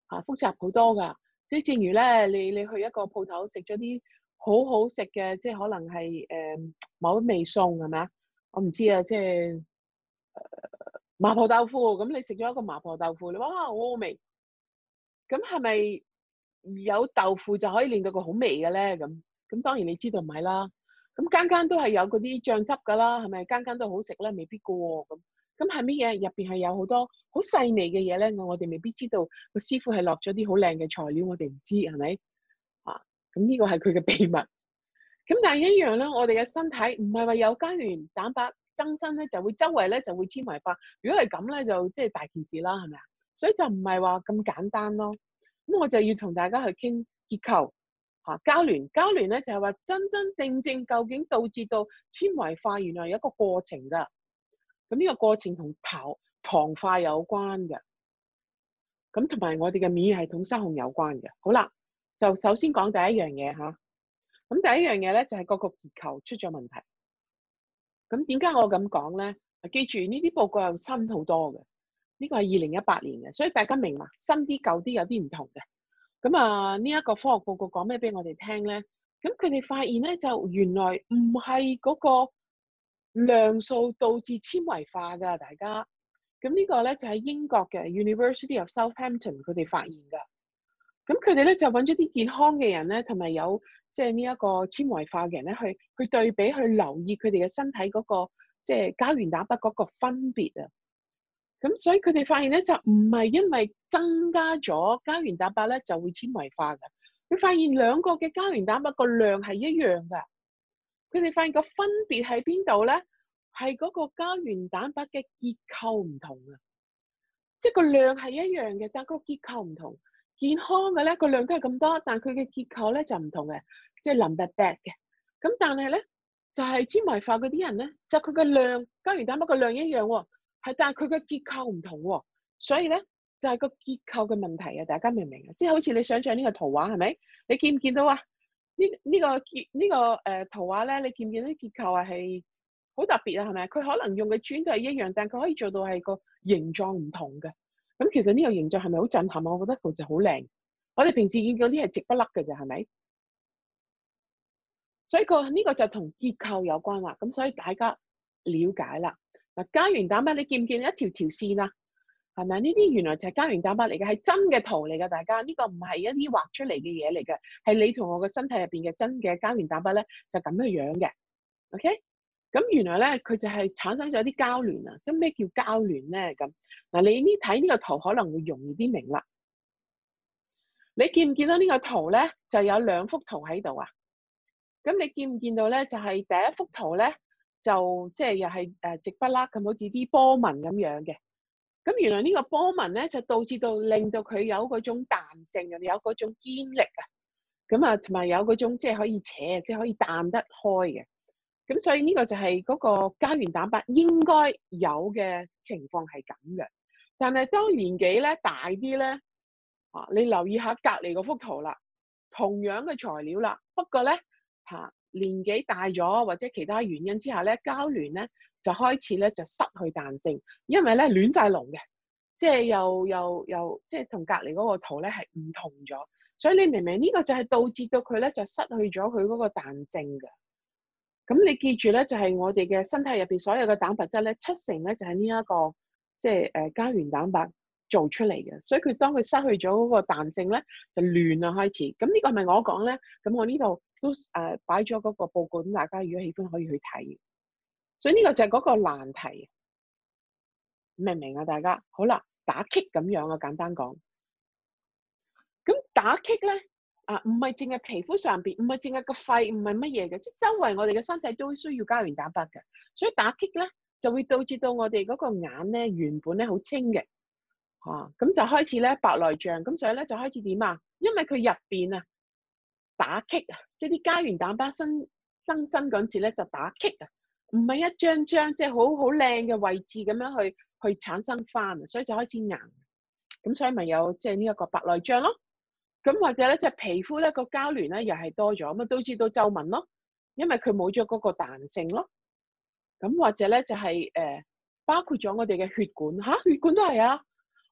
啊，複雜好多噶。即係正如咧，你你去一個鋪頭食咗啲好好食嘅，即係可能係誒、呃、某啲味餸係咪啊？我唔知啊，即、就、係、是。呃麻婆豆腐，咁你食咗一個麻婆豆腐，你哇好好味，咁係咪有豆腐就可以令到佢好味嘅咧？咁咁當然你知道唔係啦，咁間間都係有嗰啲醬汁噶啦，係咪間間都好食咧？未必噶喎，咁咁係咩嘢？入邊係有好多好細微嘅嘢咧，我哋未必知道，個師傅係落咗啲好靚嘅材料，我哋唔知係咪啊？咁呢個係佢嘅秘密。咁但係一樣咧，我哋嘅身體唔係話有膠原蛋白。增生咧就會周圍咧就會纖維化，如果係咁咧就即係大件事啦，係咪啊？所以就唔係話咁簡單咯。咁我就要同大家去傾結構嚇，交聯交聯，咧就係話真真正正究竟導致到纖維化原來有一個過程噶。咁呢個過程同糖糖化有關嘅，咁同埋我哋嘅免疫系統失控有關嘅。好啦，就首先講第一樣嘢嚇。咁、啊、第一樣嘢咧就係、是、個個結構出咗問題。咁點解我咁講咧？記住呢啲報告又新好多嘅，呢個係二零一八年嘅，所以大家明嘛？新啲舊啲有啲唔同嘅。咁啊，呢一個科學報告講咩俾我哋聽咧？咁佢哋發現咧就原來唔係嗰個量數導致纖維化噶大家。咁呢個咧就喺英國嘅 University of Southampton 佢哋發現噶咁佢哋咧就揾咗啲健康嘅人咧，同埋有。即係呢一個纖維化嘅人咧，去去對比去留意佢哋嘅身體嗰個即係膠原蛋白嗰個分別啊。咁所以佢哋發現咧，就唔係因為增加咗膠原蛋白咧就會纖維化嘅。佢發現兩個嘅膠原蛋白個量係一樣嘅。佢哋發現個分別喺邊度咧？係嗰個膠原蛋白嘅結構唔同啊。即係個量係一樣嘅，但係個結構唔同。健康嘅咧，個量都係咁多，但佢嘅結構咧就唔同嘅，即係腍白白嘅。咁但係咧，就係纖維化嗰啲人咧，就佢嘅量膠原蛋白個量一樣喎，但係佢嘅結構唔同喎。所以咧就係、是、個結構嘅問題啊！大家明唔明啊？即係好似你想象呢個圖畫係咪？你見唔見到啊？這個這個這個呃、呢呢個結呢個誒圖畫咧，你見唔見啲結構係好特別啊？係咪？佢可能用嘅磚都係一樣，但佢可以做到係個形狀唔同嘅。咁其實呢個形象係咪好震撼？我覺得佢就好靚。我哋平時見嗰啲係直不甩嘅啫，係咪？所以個呢個就同結構有關啦。咁所以大家了解啦。嗱，膠原蛋白你見唔見一條條線啊？係咪？呢啲原來就係膠原蛋白嚟嘅，係真嘅圖嚟嘅。大家，呢個唔係一啲畫出嚟嘅嘢嚟嘅，係你同我個身體入邊嘅真嘅膠原蛋白咧，就咁樣樣嘅。OK。咁原來咧，佢就係產生咗啲交聯啊！咁咩叫交聯咧？咁嗱，你呢睇呢個圖可能會容易啲明啦。你見唔見，見，見到呢個圖咧？就有兩幅圖喺度啊！咁你見唔見到咧？就係第一幅圖咧，就即係、就是、又係誒、呃、直不啦咁，好似啲波紋咁樣嘅。咁原來呢個波紋咧，就導致到令到佢有嗰種彈性，有嗰種堅力啊！咁啊，同埋有嗰種即係、就是、可以扯，即、就、係、是、可以彈得開嘅。咁所以呢個就係嗰個膠原蛋白應該有嘅情況係咁嘅，但係當年紀咧大啲咧，啊，你留意一下隔籬嗰幅圖啦，同樣嘅材料啦，不過咧嚇、啊、年紀大咗或者其他原因之下咧，膠聯咧就開始咧就失去彈性，因為咧攣晒龍嘅，即係、就是、又又又即係、就是、同隔籬嗰個圖咧係唔同咗，所以你明明呢個就係導致到佢咧就失去咗佢嗰個彈性嘅。咁你記住咧，就係、是、我哋嘅身體入邊所有嘅蛋白質咧，七成咧就係呢一個即係誒膠原蛋白做出嚟嘅，所以佢當佢失去咗嗰個彈性咧，就亂啦開始。咁呢個係咪我講咧？咁我呢度都誒擺咗嗰個報告，咁大家如果喜歡可以去睇。所以呢個就係嗰個難題，明唔明啊？大家好啦，打擊咁樣啊，簡單講。咁打擊咧。啊，唔係淨係皮膚上邊，唔係淨係個肺，唔係乜嘢嘅，即係周圍我哋嘅身體都需要膠原蛋白嘅，所以打擊咧就會導致到我哋嗰個眼咧原本咧好清嘅，嚇、啊、咁就開始咧白內障，咁所以咧就開始點啊？因為佢入邊啊打擊啊，即係啲膠原蛋白新增生嗰陣時咧就打擊啊，唔係一張張即係好好靚嘅位置咁樣去去產生返，所以就開始硬，咁所以咪有即係呢一個白內障咯。咁或者咧，即係皮膚咧個膠聯咧又係多咗，咁啊導致到皺紋咯，因為佢冇咗嗰個彈性咯。咁或者咧就係、是、誒、呃，包括咗我哋嘅血管，吓、啊、血管都係啊，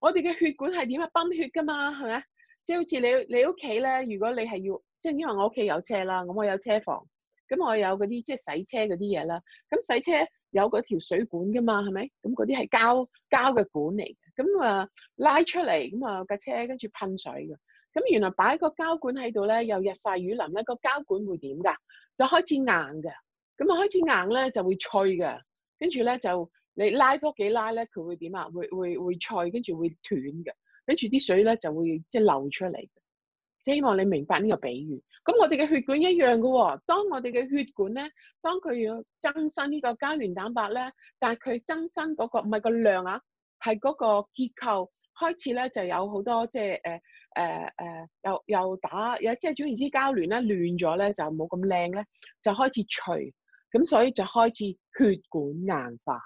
我哋嘅血管係點樣泵血噶嘛，係咪？即係好似你你屋企咧，如果你係要，即係因為我屋企有車啦，咁我有車房，咁我有嗰啲即係洗車嗰啲嘢啦，咁洗車有嗰條水管噶嘛，係咪？咁嗰啲係膠膠嘅管嚟，咁啊拉出嚟，咁啊架車跟住噴水嘅。咁原來擺個膠管喺度咧，又日曬雨淋咧，個膠管會點噶？就開始硬嘅，咁啊開始硬咧就會脆嘅，跟住咧就你拉多幾拉咧，佢會點啊？會會會脆，跟住會斷嘅，跟住啲水咧就會即係流出嚟。即希望你明白呢個比喻。咁我哋嘅血管一樣嘅喎、哦，當我哋嘅血管咧，當佢要增生呢個膠原蛋白咧，但係佢增生嗰、嗰個唔係個量啊，係嗰個結構開始咧就有好多即係誒。呃誒、呃、誒、呃，又又打，又即係總言之，膠原咧亂咗咧，就冇咁靚咧，就開始脆，咁所以就開始血管硬化。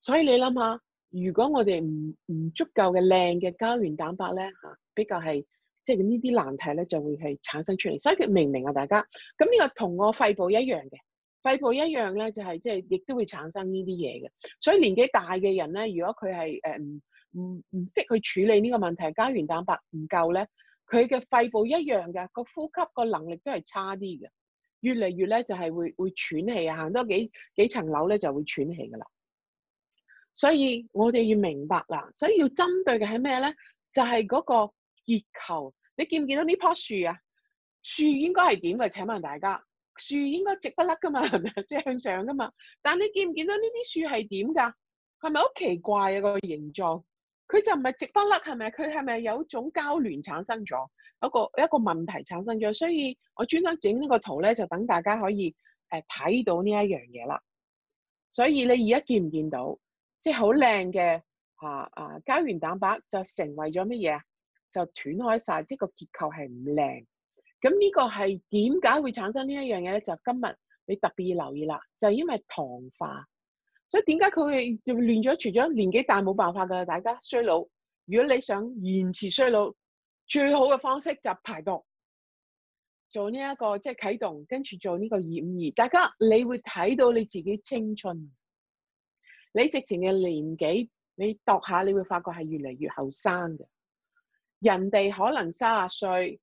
所以你諗下，如果我哋唔唔足夠嘅靚嘅膠原蛋白咧嚇，比較係即係呢啲難題咧就會係產生出嚟。所以佢明明啊，大家？咁呢個同我肺部一樣嘅，肺部一樣咧就係即係亦都會產生呢啲嘢嘅。所以年紀大嘅人咧，如果佢係誒嗯。呃唔唔識去處理呢個問題，膠原蛋白唔夠咧，佢嘅肺部一樣嘅，個呼吸個能力都係差啲嘅，越嚟越咧就係會會喘氣啊，行多幾幾層樓咧就會喘氣噶啦。所以我哋要明白啦，所以要針對嘅係咩咧？就係嗰個結構。你見唔見到呢棵樹啊？樹應該係點嘅？請問大家，樹應該直不甩噶嘛？正向上噶嘛？但你見唔見到呢啲樹係點噶？係咪好奇怪啊？個形狀？佢就唔係直不甩，係咪？佢係咪有種交聯產生咗一個一個問題產生咗？所以我專登整呢個圖咧，就等大家可以誒睇、呃、到呢一樣嘢啦。所以你而家見唔見到？即係好靚嘅吓啊！膠原蛋白就成為咗乜嘢啊？就斷開晒，即係個結構係唔靚。咁呢個係點解會產生呢一樣嘢咧？就係、今日你特別要留意啦，就係、因為糖化。所以點解佢會就亂咗？除咗年紀大冇辦法嘅，大家衰老。如果你想延遲衰老，最好嘅方式就排毒，做呢一個即係啟動，跟住做呢個驗儀。大家你會睇到你自己青春，你直情嘅年紀，你度下你會發覺係越嚟越後生嘅。人哋可能卅歲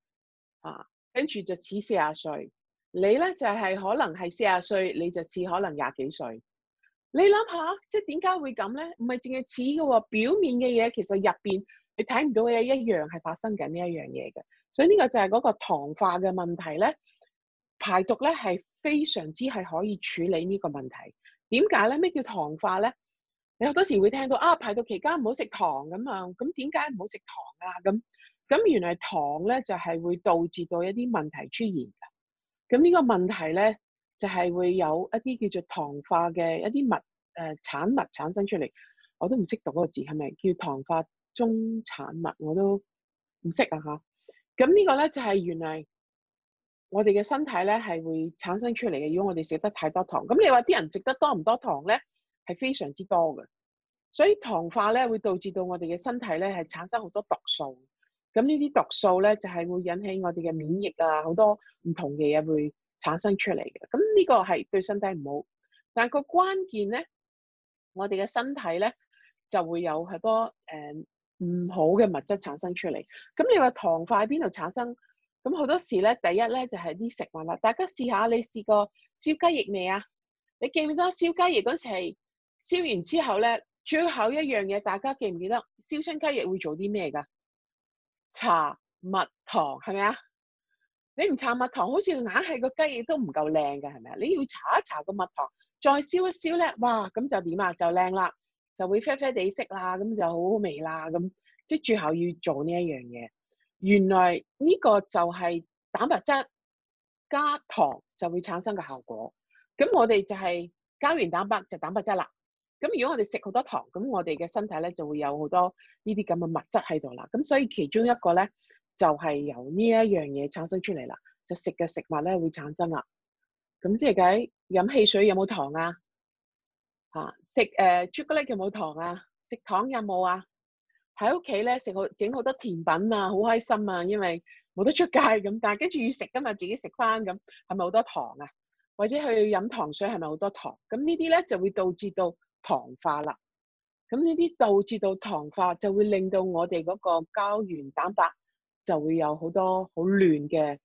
啊，跟住就似四廿歲，你咧就係可能係四廿歲，你就似可能廿幾歲。你諗下，即係點解會咁咧？唔係淨係指嘅喎，表面嘅嘢其實入邊你睇唔到嘅嘢一樣係發生緊呢一樣嘢嘅。所以呢個就係嗰個糖化嘅問題咧，排毒咧係非常之係可以處理呢個問題。點解咧？咩叫糖化咧？你好多時會聽到啊，排毒期間唔好食糖噶嘛。咁點解唔好食糖啊？咁咁原來糖咧就係會導致到一啲問題出現噶。咁呢個問題咧？就係、是、會有一啲叫做糖化嘅一啲物誒、呃、產物產生出嚟，我都唔識讀嗰個字係咪叫糖化中產物？我都唔識啊嚇！咁呢個咧就係、是、原來我哋嘅身體咧係會產生出嚟嘅。如果我哋食得太多糖，咁你話啲人食得多唔多糖咧？係非常之多嘅，所以糖化咧會導致到我哋嘅身體咧係產生好多毒素。咁呢啲毒素咧就係、是、會引起我哋嘅免疫啊，好多唔同嘅嘢會。產生出嚟嘅，咁呢個係對身體唔好。但係個關鍵咧，我哋嘅身體咧就會有好多誒唔好嘅物質產生出嚟。咁你話糖化喺邊度產生？咁好多時咧，第一咧就係啲食物啦。大家試下，你試過燒雞翼未啊？你記唔記得燒雞翼嗰時係燒完之後咧，最後一樣嘢，大家記唔記得燒親雞翼會做啲咩噶？茶、蜜糖係咪啊？是你唔搽蜜糖，好似硬係個雞翼都唔夠靚嘅，係咪啊？你要搽一搽個蜜糖，再燒一燒咧，哇！咁就點啊？就靚啦，就會啡啡地色啦，咁就好好味啦，咁即係最後要做呢一樣嘢。原來呢個就係蛋白質加糖就會產生嘅效果。咁我哋就係膠原蛋白就蛋白質啦。咁如果我哋食好多糖，咁我哋嘅身體咧就會有好多呢啲咁嘅物質喺度啦。咁所以其中一個咧。就係、是、由呢一樣嘢產生出嚟啦，就食嘅食物咧會產生啦。咁即係講飲汽水有冇糖啊？嚇食，誒朱古力有冇糖啊？食糖有冇啊？喺屋企咧食好整好多甜品啊，好開心啊，因為冇得出街咁，但係跟住要食噶嘛，自己食翻咁係咪好多糖啊？或者去飲糖水係咪好多糖？咁呢啲咧就會導致到糖化啦。咁呢啲導致到糖化就會令到我哋嗰個膠原蛋白。就會有好多好亂嘅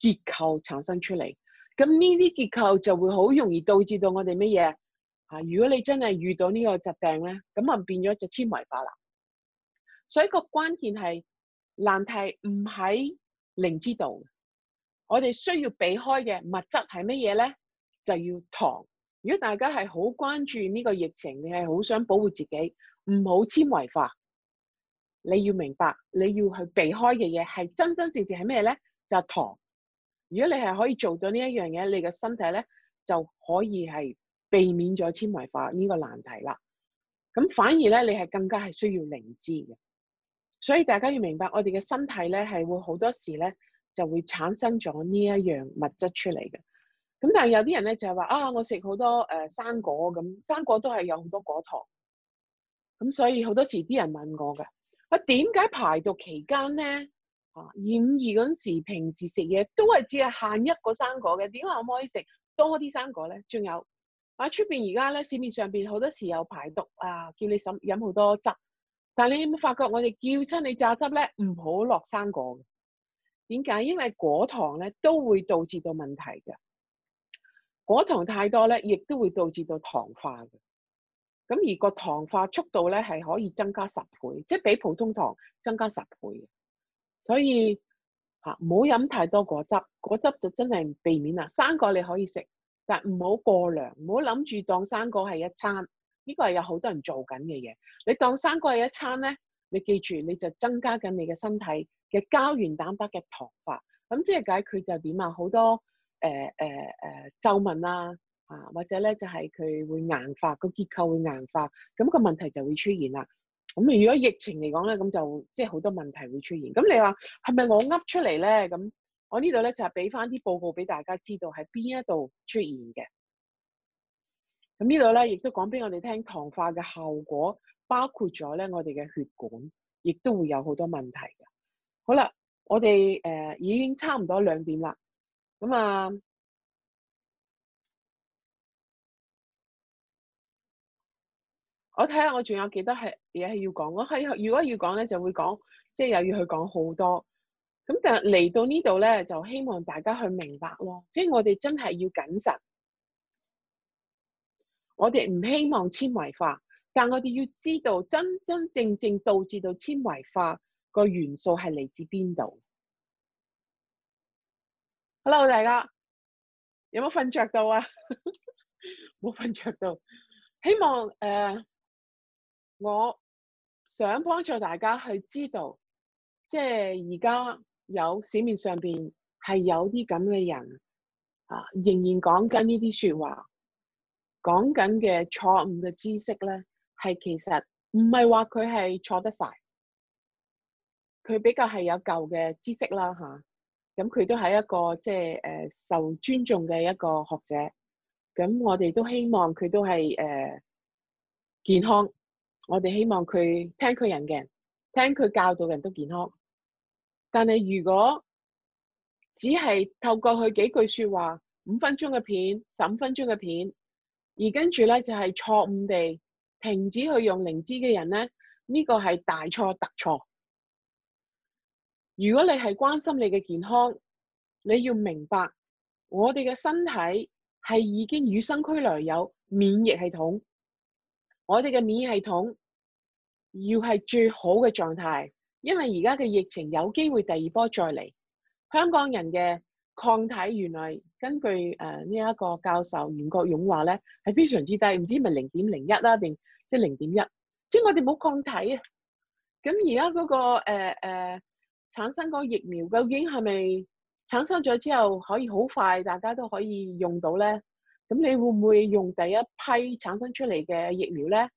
結構產生出嚟，咁呢啲結構就會好容易導致到我哋乜嘢？啊，如果你真係遇到呢個疾病咧，咁啊變咗就纖維化啦。所以個關鍵係難題唔喺磷脂道。我哋需要避開嘅物質係乜嘢咧？就要糖。如果大家係好關注呢個疫情，你係好想保護自己唔好纖維化。你要明白，你要去避開嘅嘢係真真正正係咩咧？就係糖。如果你係可以做到呢一樣嘢，你嘅身體咧就可以係避免咗纖維化呢個難題啦。咁反而咧，你係更加係需要靈芝嘅。所以大家要明白，我哋嘅身體咧係會好多時咧就會產生咗呢一樣物質出嚟嘅。咁但係有啲人咧就係話啊，我食好多誒生果咁，生果都係有好多果糖。咁所以好多時啲人問我嘅。點解排毒期間咧？啊，二五二嗰陣時，平時食嘢都係只係限一個生果嘅。點解我唔可以食多啲生果咧？仲有喺出邊而家咧，市面上邊好多時候有排毒啊，叫你飲飲好多汁。但係你有冇發覺我哋叫親你榨汁咧，唔好落生果嘅？點解？因為果糖咧都會導致到問題嘅。果糖太多咧，亦都會導致到糖化嘅。咁而個糖化速度咧係可以增加十倍，即係比普通糖增加十倍。所以嚇唔好飲太多果汁，果汁就真係避免啦。生果你可以食，但唔好過量，唔好諗住當生果係一餐。呢個係有好多人做緊嘅嘢。你當生果係一餐咧，你記住你就增加緊你嘅身體嘅膠原蛋白嘅糖化，咁即係解決就點、呃呃、啊？好多誒誒誒皺紋啊！啊，或者咧就係、是、佢會硬化，個結構會硬化，咁個問題就會出現啦。咁如果疫情嚟講咧，咁就即係好多問題會出現。咁你話係咪我噏出嚟咧？咁我這裏呢度咧就係俾翻啲報告俾大家知道喺邊一度出現嘅。咁呢度咧亦都講俾我哋聽，糖化嘅效果包括咗咧我哋嘅血管，亦都會有好多問題嘅。好啦，我哋誒、呃、已經差唔多兩點啦。咁啊。我睇下，我仲有幾多係嘢係要講咯。我係如果要講咧，就會講，即係又要去講好多。咁但係嚟到這裡呢度咧，就希望大家去明白咯。即、就、係、是、我哋真係要謹慎，我哋唔希望纖維化，但我哋要知道真真正正導致到纖維化個元素係嚟自邊度。Hello，大家有冇瞓着到啊？冇瞓着到，希望誒。呃我想幫助大家去知道，即係而家有市面上邊係有啲咁嘅人，啊，仍然講緊呢啲說話，講緊嘅錯誤嘅知識咧，係其實唔係話佢係錯得晒，佢比較係有舊嘅知識啦吓，咁佢都係一個即係誒受尊重嘅一個學者，咁我哋都希望佢都係誒、呃、健康。我哋希望佢聽佢人嘅，聽佢教導嘅人都健康。但係如果只係透過佢幾句說話，五分鐘嘅片，十五分鐘嘅片，而跟住咧就係錯誤地停止去用靈芝嘅人咧，呢、這個係大錯特錯。如果你係關心你嘅健康，你要明白我哋嘅身體係已經與生俱來有免疫系統。我哋嘅免疫系統要係最好嘅狀態，因為而家嘅疫情有機會第二波再嚟。香港人嘅抗體原來根據誒呢一個教授袁國勇話咧，係非常之低，唔知咪零點零一啦，定即係零點一，即係我哋冇抗體啊。咁而家嗰個誒誒、呃呃、產生嗰疫苗，究竟係咪產生咗之後可以好快大家都可以用到咧？咁你會唔會用第一批產生出嚟嘅疫苗咧？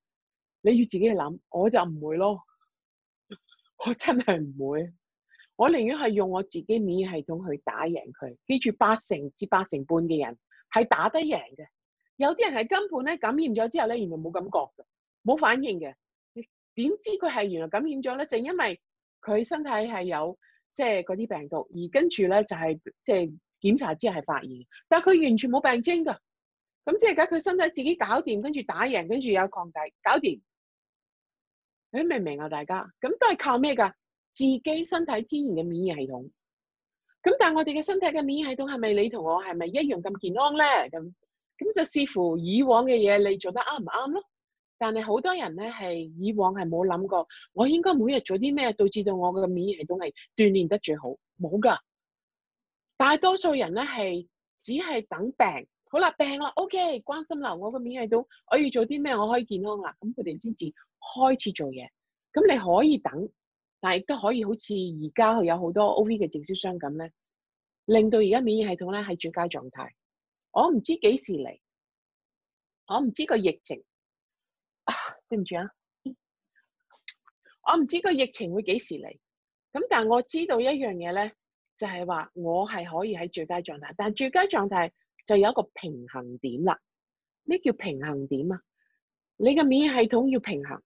你要自己去諗，我就唔會咯。我真係唔會，我寧願係用我自己免疫系統去打贏佢。記住，八成至八成半嘅人係打得贏嘅。有啲人係根本咧感染咗之後咧，原來冇感覺嘅，冇反應嘅。你點知佢係原來感染咗咧？正、就是、因為佢身體係有即係嗰啲病毒，而跟住咧就係即係檢查之後係發現，但係佢完全冇病徵噶。咁即係噶，佢身體自己搞掂，跟住打贏，跟住有抗體搞掂。你明唔明啊，大家？咁都係靠咩噶？自己身體天然嘅免疫系統。咁但係我哋嘅身體嘅免疫系統係咪你同我係咪一樣咁健康咧？咁咁就視乎以往嘅嘢，你做得啱唔啱咯？但係好多人咧係以往係冇諗過，我應該每日做啲咩導致到我嘅免疫系統係鍛煉得最好？冇噶，大多數人咧係只係等病。好啦，病啦，OK，關心啦，我個免疫系統，我要做啲咩？我可以健康啦，咁佢哋先至開始做嘢。咁你可以等，但亦都可以好似而家佢有好多 OV 嘅直銷商咁咧，令到而家免疫系統咧係最佳狀態。我唔知幾時嚟，我唔知個疫情，啊、對唔住啊，我唔知個疫情會幾時嚟。咁但我知道一樣嘢咧，就係、是、話我係可以喺最佳狀態，但最佳狀態。就有一個平衡點啦，咩叫平衡點啊？你嘅免疫系統要平衡，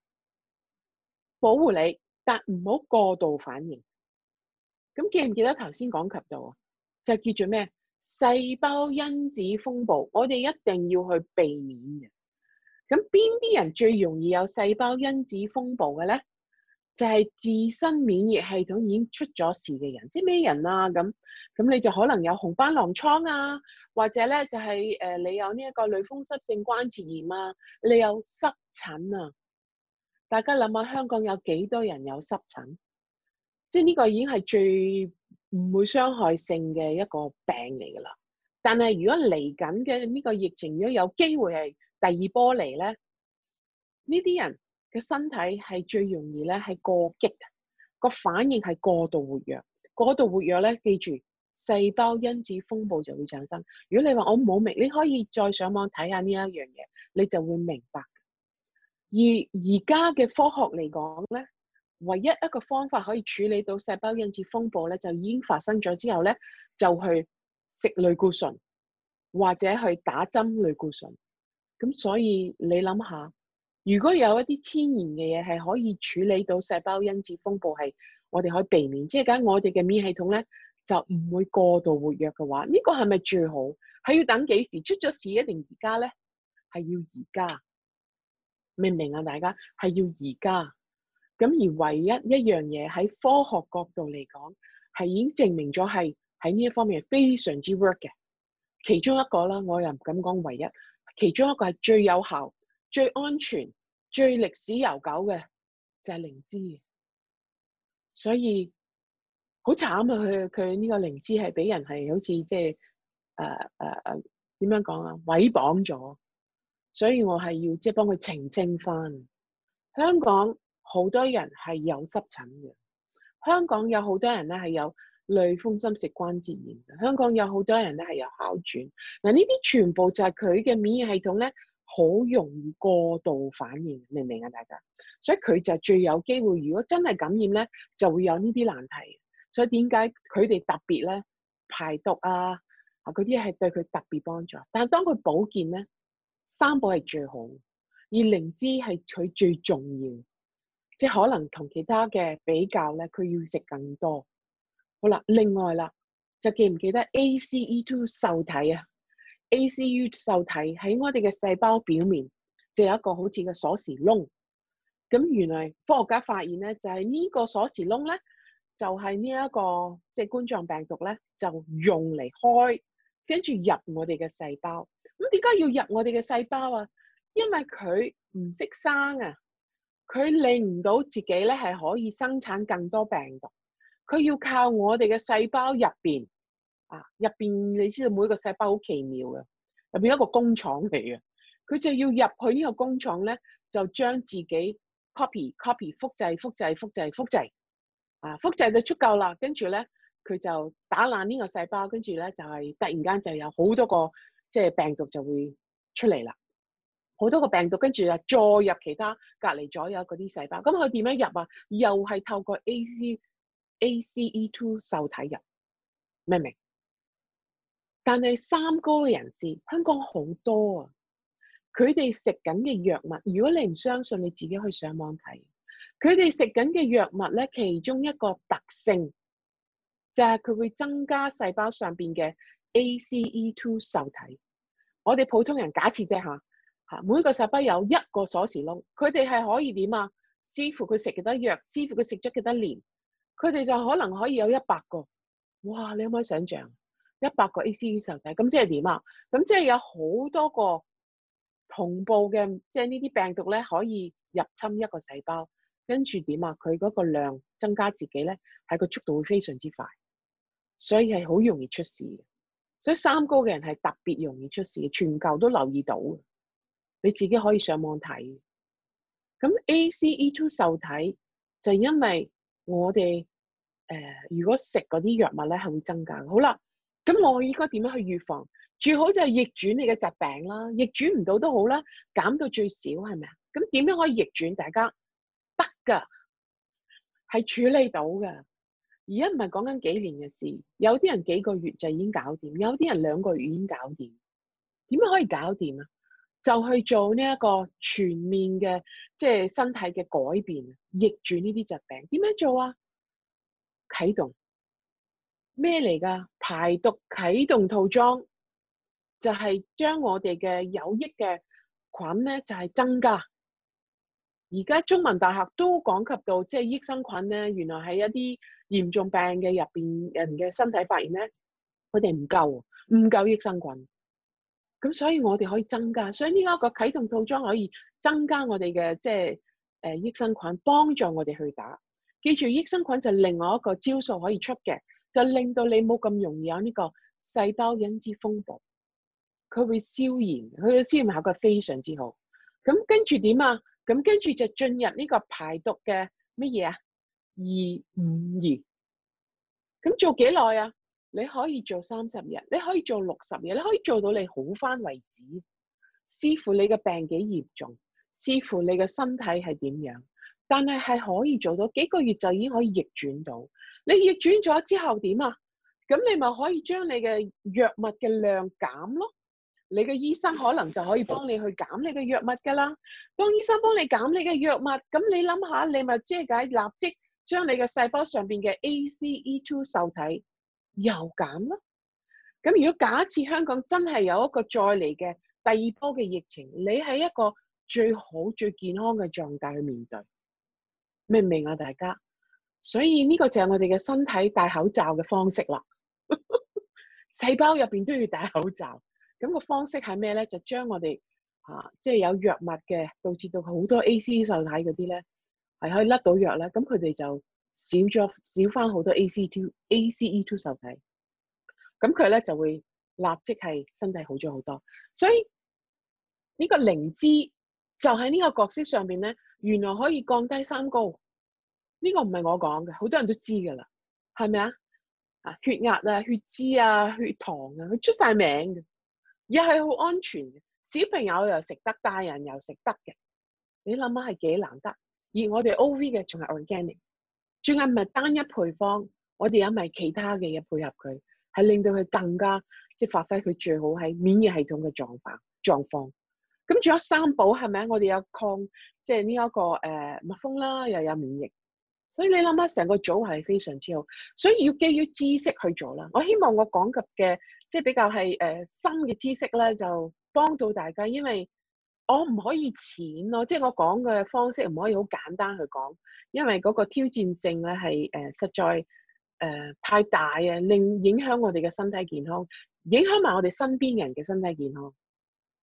保護你，但唔好過度反應。咁記唔記得頭先講及到啊？就叫做咩？細胞因子風暴，我哋一定要去避免嘅。咁邊啲人最容易有細胞因子風暴嘅咧？就係、是、自身免疫系統已經出咗事嘅人，即係咩人啊？咁咁你就可能有紅斑狼瘡啊，或者咧就係、是、誒、呃、你有呢一個類風濕性關節炎啊，你有濕疹啊。大家諗下，香港有幾多人有濕疹？即係呢個已經係最唔會傷害性嘅一個病嚟噶啦。但係如果嚟緊嘅呢個疫情如果有機會係第二波嚟咧，呢啲人嘅身體係最容易咧，係過激，個反應係過度活躍，過度活躍咧，記住，細胞因子風暴就會產生。如果你話我唔好明，你可以再上網睇下呢一樣嘢，你就會明白。而而家嘅科學嚟講咧，唯一一個方法可以處理到細胞因子風暴咧，就已經發生咗之後咧，就去食類固醇或者去打針類固醇。咁所以你諗下。如果有一啲天然嘅嘢係可以處理到細胞因子風暴，係，係我哋可以避免，即係咁，我哋嘅免疫系統咧就唔會過度活躍嘅話，呢個係咪最好？係要等幾時出咗事一定而家咧？係要而家，明唔明啊？大家係要而家。咁而唯一一樣嘢喺科學角度嚟講，係已經證明咗係喺呢一方面係非常之 work 嘅，其中一個啦，我又唔敢講唯一，其中一個係最有效。最安全、最歷史悠久嘅就係、是、靈芝，所以好慘啊！佢佢呢個靈芝係俾人係好似即係誒誒誒點樣講啊？毀綁綁咗，所以我係要即係、就是、幫佢澄清翻。香港好多人係有濕疹嘅，香港有好多人咧係有類風濕性關節炎，香港有好多人咧係有哮喘。嗱呢啲全部就係佢嘅免疫系統咧。好容易過度反應，明唔明啊？大家，所以佢就最有機會。如果真係感染咧，就會有呢啲難題。所以點解佢哋特別咧排毒啊？啊，嗰啲係對佢特別幫助。但係當佢保健咧，三寶係最好，而靈芝係佢最重要。即係可能同其他嘅比較咧，佢要食更多。好啦，另外啦，就記唔記得 ACE2 受體啊？A C U 受體喺我哋嘅細胞表面，就有一個好似嘅鎖匙窿。咁原來科學家發現咧，就係呢個鎖匙窿咧，就係呢一個即係冠狀病毒咧，就用嚟開，跟住入我哋嘅細胞。咁點解要入我哋嘅細胞啊？因為佢唔識生啊，佢令唔到自己咧係可以生產更多病毒。佢要靠我哋嘅細胞入邊。入、啊、面，你知道每一個細胞好奇妙嘅，入面一個工廠嚟嘅。佢就要入去呢個工廠咧，就將自己 copy、copy 複、複製、複製、複製、複製。啊！複製就足夠啦，跟住咧，佢就打爛呢個細胞，跟住咧就係、是、突然間就有好多個即係病毒就會出嚟啦。好多個病毒跟住啊，再入其他隔離左右嗰啲細胞，咁佢點樣入啊？又係透過 AC ACE2 受體入，明唔明？但係三高嘅人士，香港好多啊！佢哋食緊嘅藥物，如果你唔相信，你自己去上網睇。佢哋食緊嘅藥物咧，其中一個特性就係佢會增加細胞上邊嘅 ACE2 受體。我哋普通人假設啫吓吓，每個細胞有一個鎖匙窿，佢哋係可以點啊？視乎佢食幾多藥，視乎佢食咗幾多年，佢哋就可能可以有一百個。哇！你可唔可以想象？一百個 ACE 受體，咁即係點啊？咁即係有好多個同步嘅，即係呢啲病毒咧可以入侵一個細胞，跟住點啊？佢嗰個量增加自己咧，係個速度會非常之快，所以係好容易出事嘅。所以三高嘅人係特別容易出事嘅，全球都留意到。你自己可以上網睇。咁 ACE2 受體就係因為我哋誒、呃，如果食嗰啲藥物咧，係會增加。好啦。咁我應該點樣去預防？最好就係逆轉你嘅疾病啦，逆轉唔到都好啦，減到最少係咪啊？咁點樣可以逆轉？大家得噶，係處理到噶，而家唔係講緊幾年嘅事，有啲人幾個月就已經搞掂，有啲人兩個月已經搞掂，點樣可以搞掂啊？就去做呢一個全面嘅即係身體嘅改變，逆轉呢啲疾病，點樣做啊？啟動。咩嚟㗎？排毒啟動套裝就係將我哋嘅有益嘅菌咧，就係增加。而家中文大學都講及到，即係益生菌咧，原來喺一啲嚴重病嘅入邊人嘅身體發現咧，佢哋唔夠，唔夠益生菌。咁所以我哋可以增加，所以呢一個啟動套裝可以增加我哋嘅即係誒益生菌，幫助我哋去打。記住，益生菌就另外一個招數可以出嘅。就令到你冇咁容易有呢個細胞因子風暴，佢會消炎，佢嘅消炎效果非常之好。咁跟住點啊？咁跟住就進入呢個排毒嘅乜嘢啊？二五二。咁做幾耐啊？你可以做三十日，你可以做六十日，你可以做到你好返為止。視乎你嘅病幾嚴重，視乎你嘅身體係點樣。但係係可以做到，幾個月就已經可以逆轉到。你逆轉咗之後點啊？咁你咪可以將你嘅藥物嘅量減咯。你嘅醫生可能就可以幫你去減你嘅藥物噶啦。當醫生幫你減你嘅藥物，咁你諗下，你咪即係解立即將你嘅細胞上邊嘅 ACE2 受體又減咯。咁如果假設香港真係有一個再嚟嘅第二波嘅疫情，你喺一個最好最健康嘅狀態去面對。明唔明啊？大家，所以呢個就係我哋嘅身體戴口罩嘅方式啦。 細胞入邊都要戴口罩，咁個方式係咩咧？就將我哋，吓、啊、即係有藥物嘅，導致到好多 ACE 受體嗰啲咧，係可以甩到藥咧。咁佢哋就少咗少翻好多 ACE two ACE two 受體，咁佢咧就會立即係身體好咗好多。所以呢個靈芝就喺呢個角色上面咧。原來可以降低三高，呢、這個唔係我講嘅，好多人都知㗎啦，係咪啊？啊，血壓啊、血脂啊、血糖啊，佢出晒名嘅，又係好安全嘅，小朋友又食得，大人又食得嘅，你諗下係幾難得？而我哋 O V 嘅仲係 organic，最緊唔係單一配方，我哋有埋其他嘅嘢配合佢，係令到佢更加即係、就是、發揮佢最好喺免疫系統嘅狀況狀況。咁仲有三寶，係咪我哋有抗，即係呢一個誒、呃、蜜蜂啦，又有免疫，所以你諗下，成個組係非常之好。所以要基於知識去做啦。我希望我講及嘅即係比較係誒、呃、深嘅知識咧，就幫到大家。因為我唔可以淺咯，即、就、係、是、我講嘅方式唔可以好簡單去講，因為嗰個挑戰性咧係誒實在誒、呃、太大啊，令影響我哋嘅身體健康，影響埋我哋身邊的人嘅身體健康。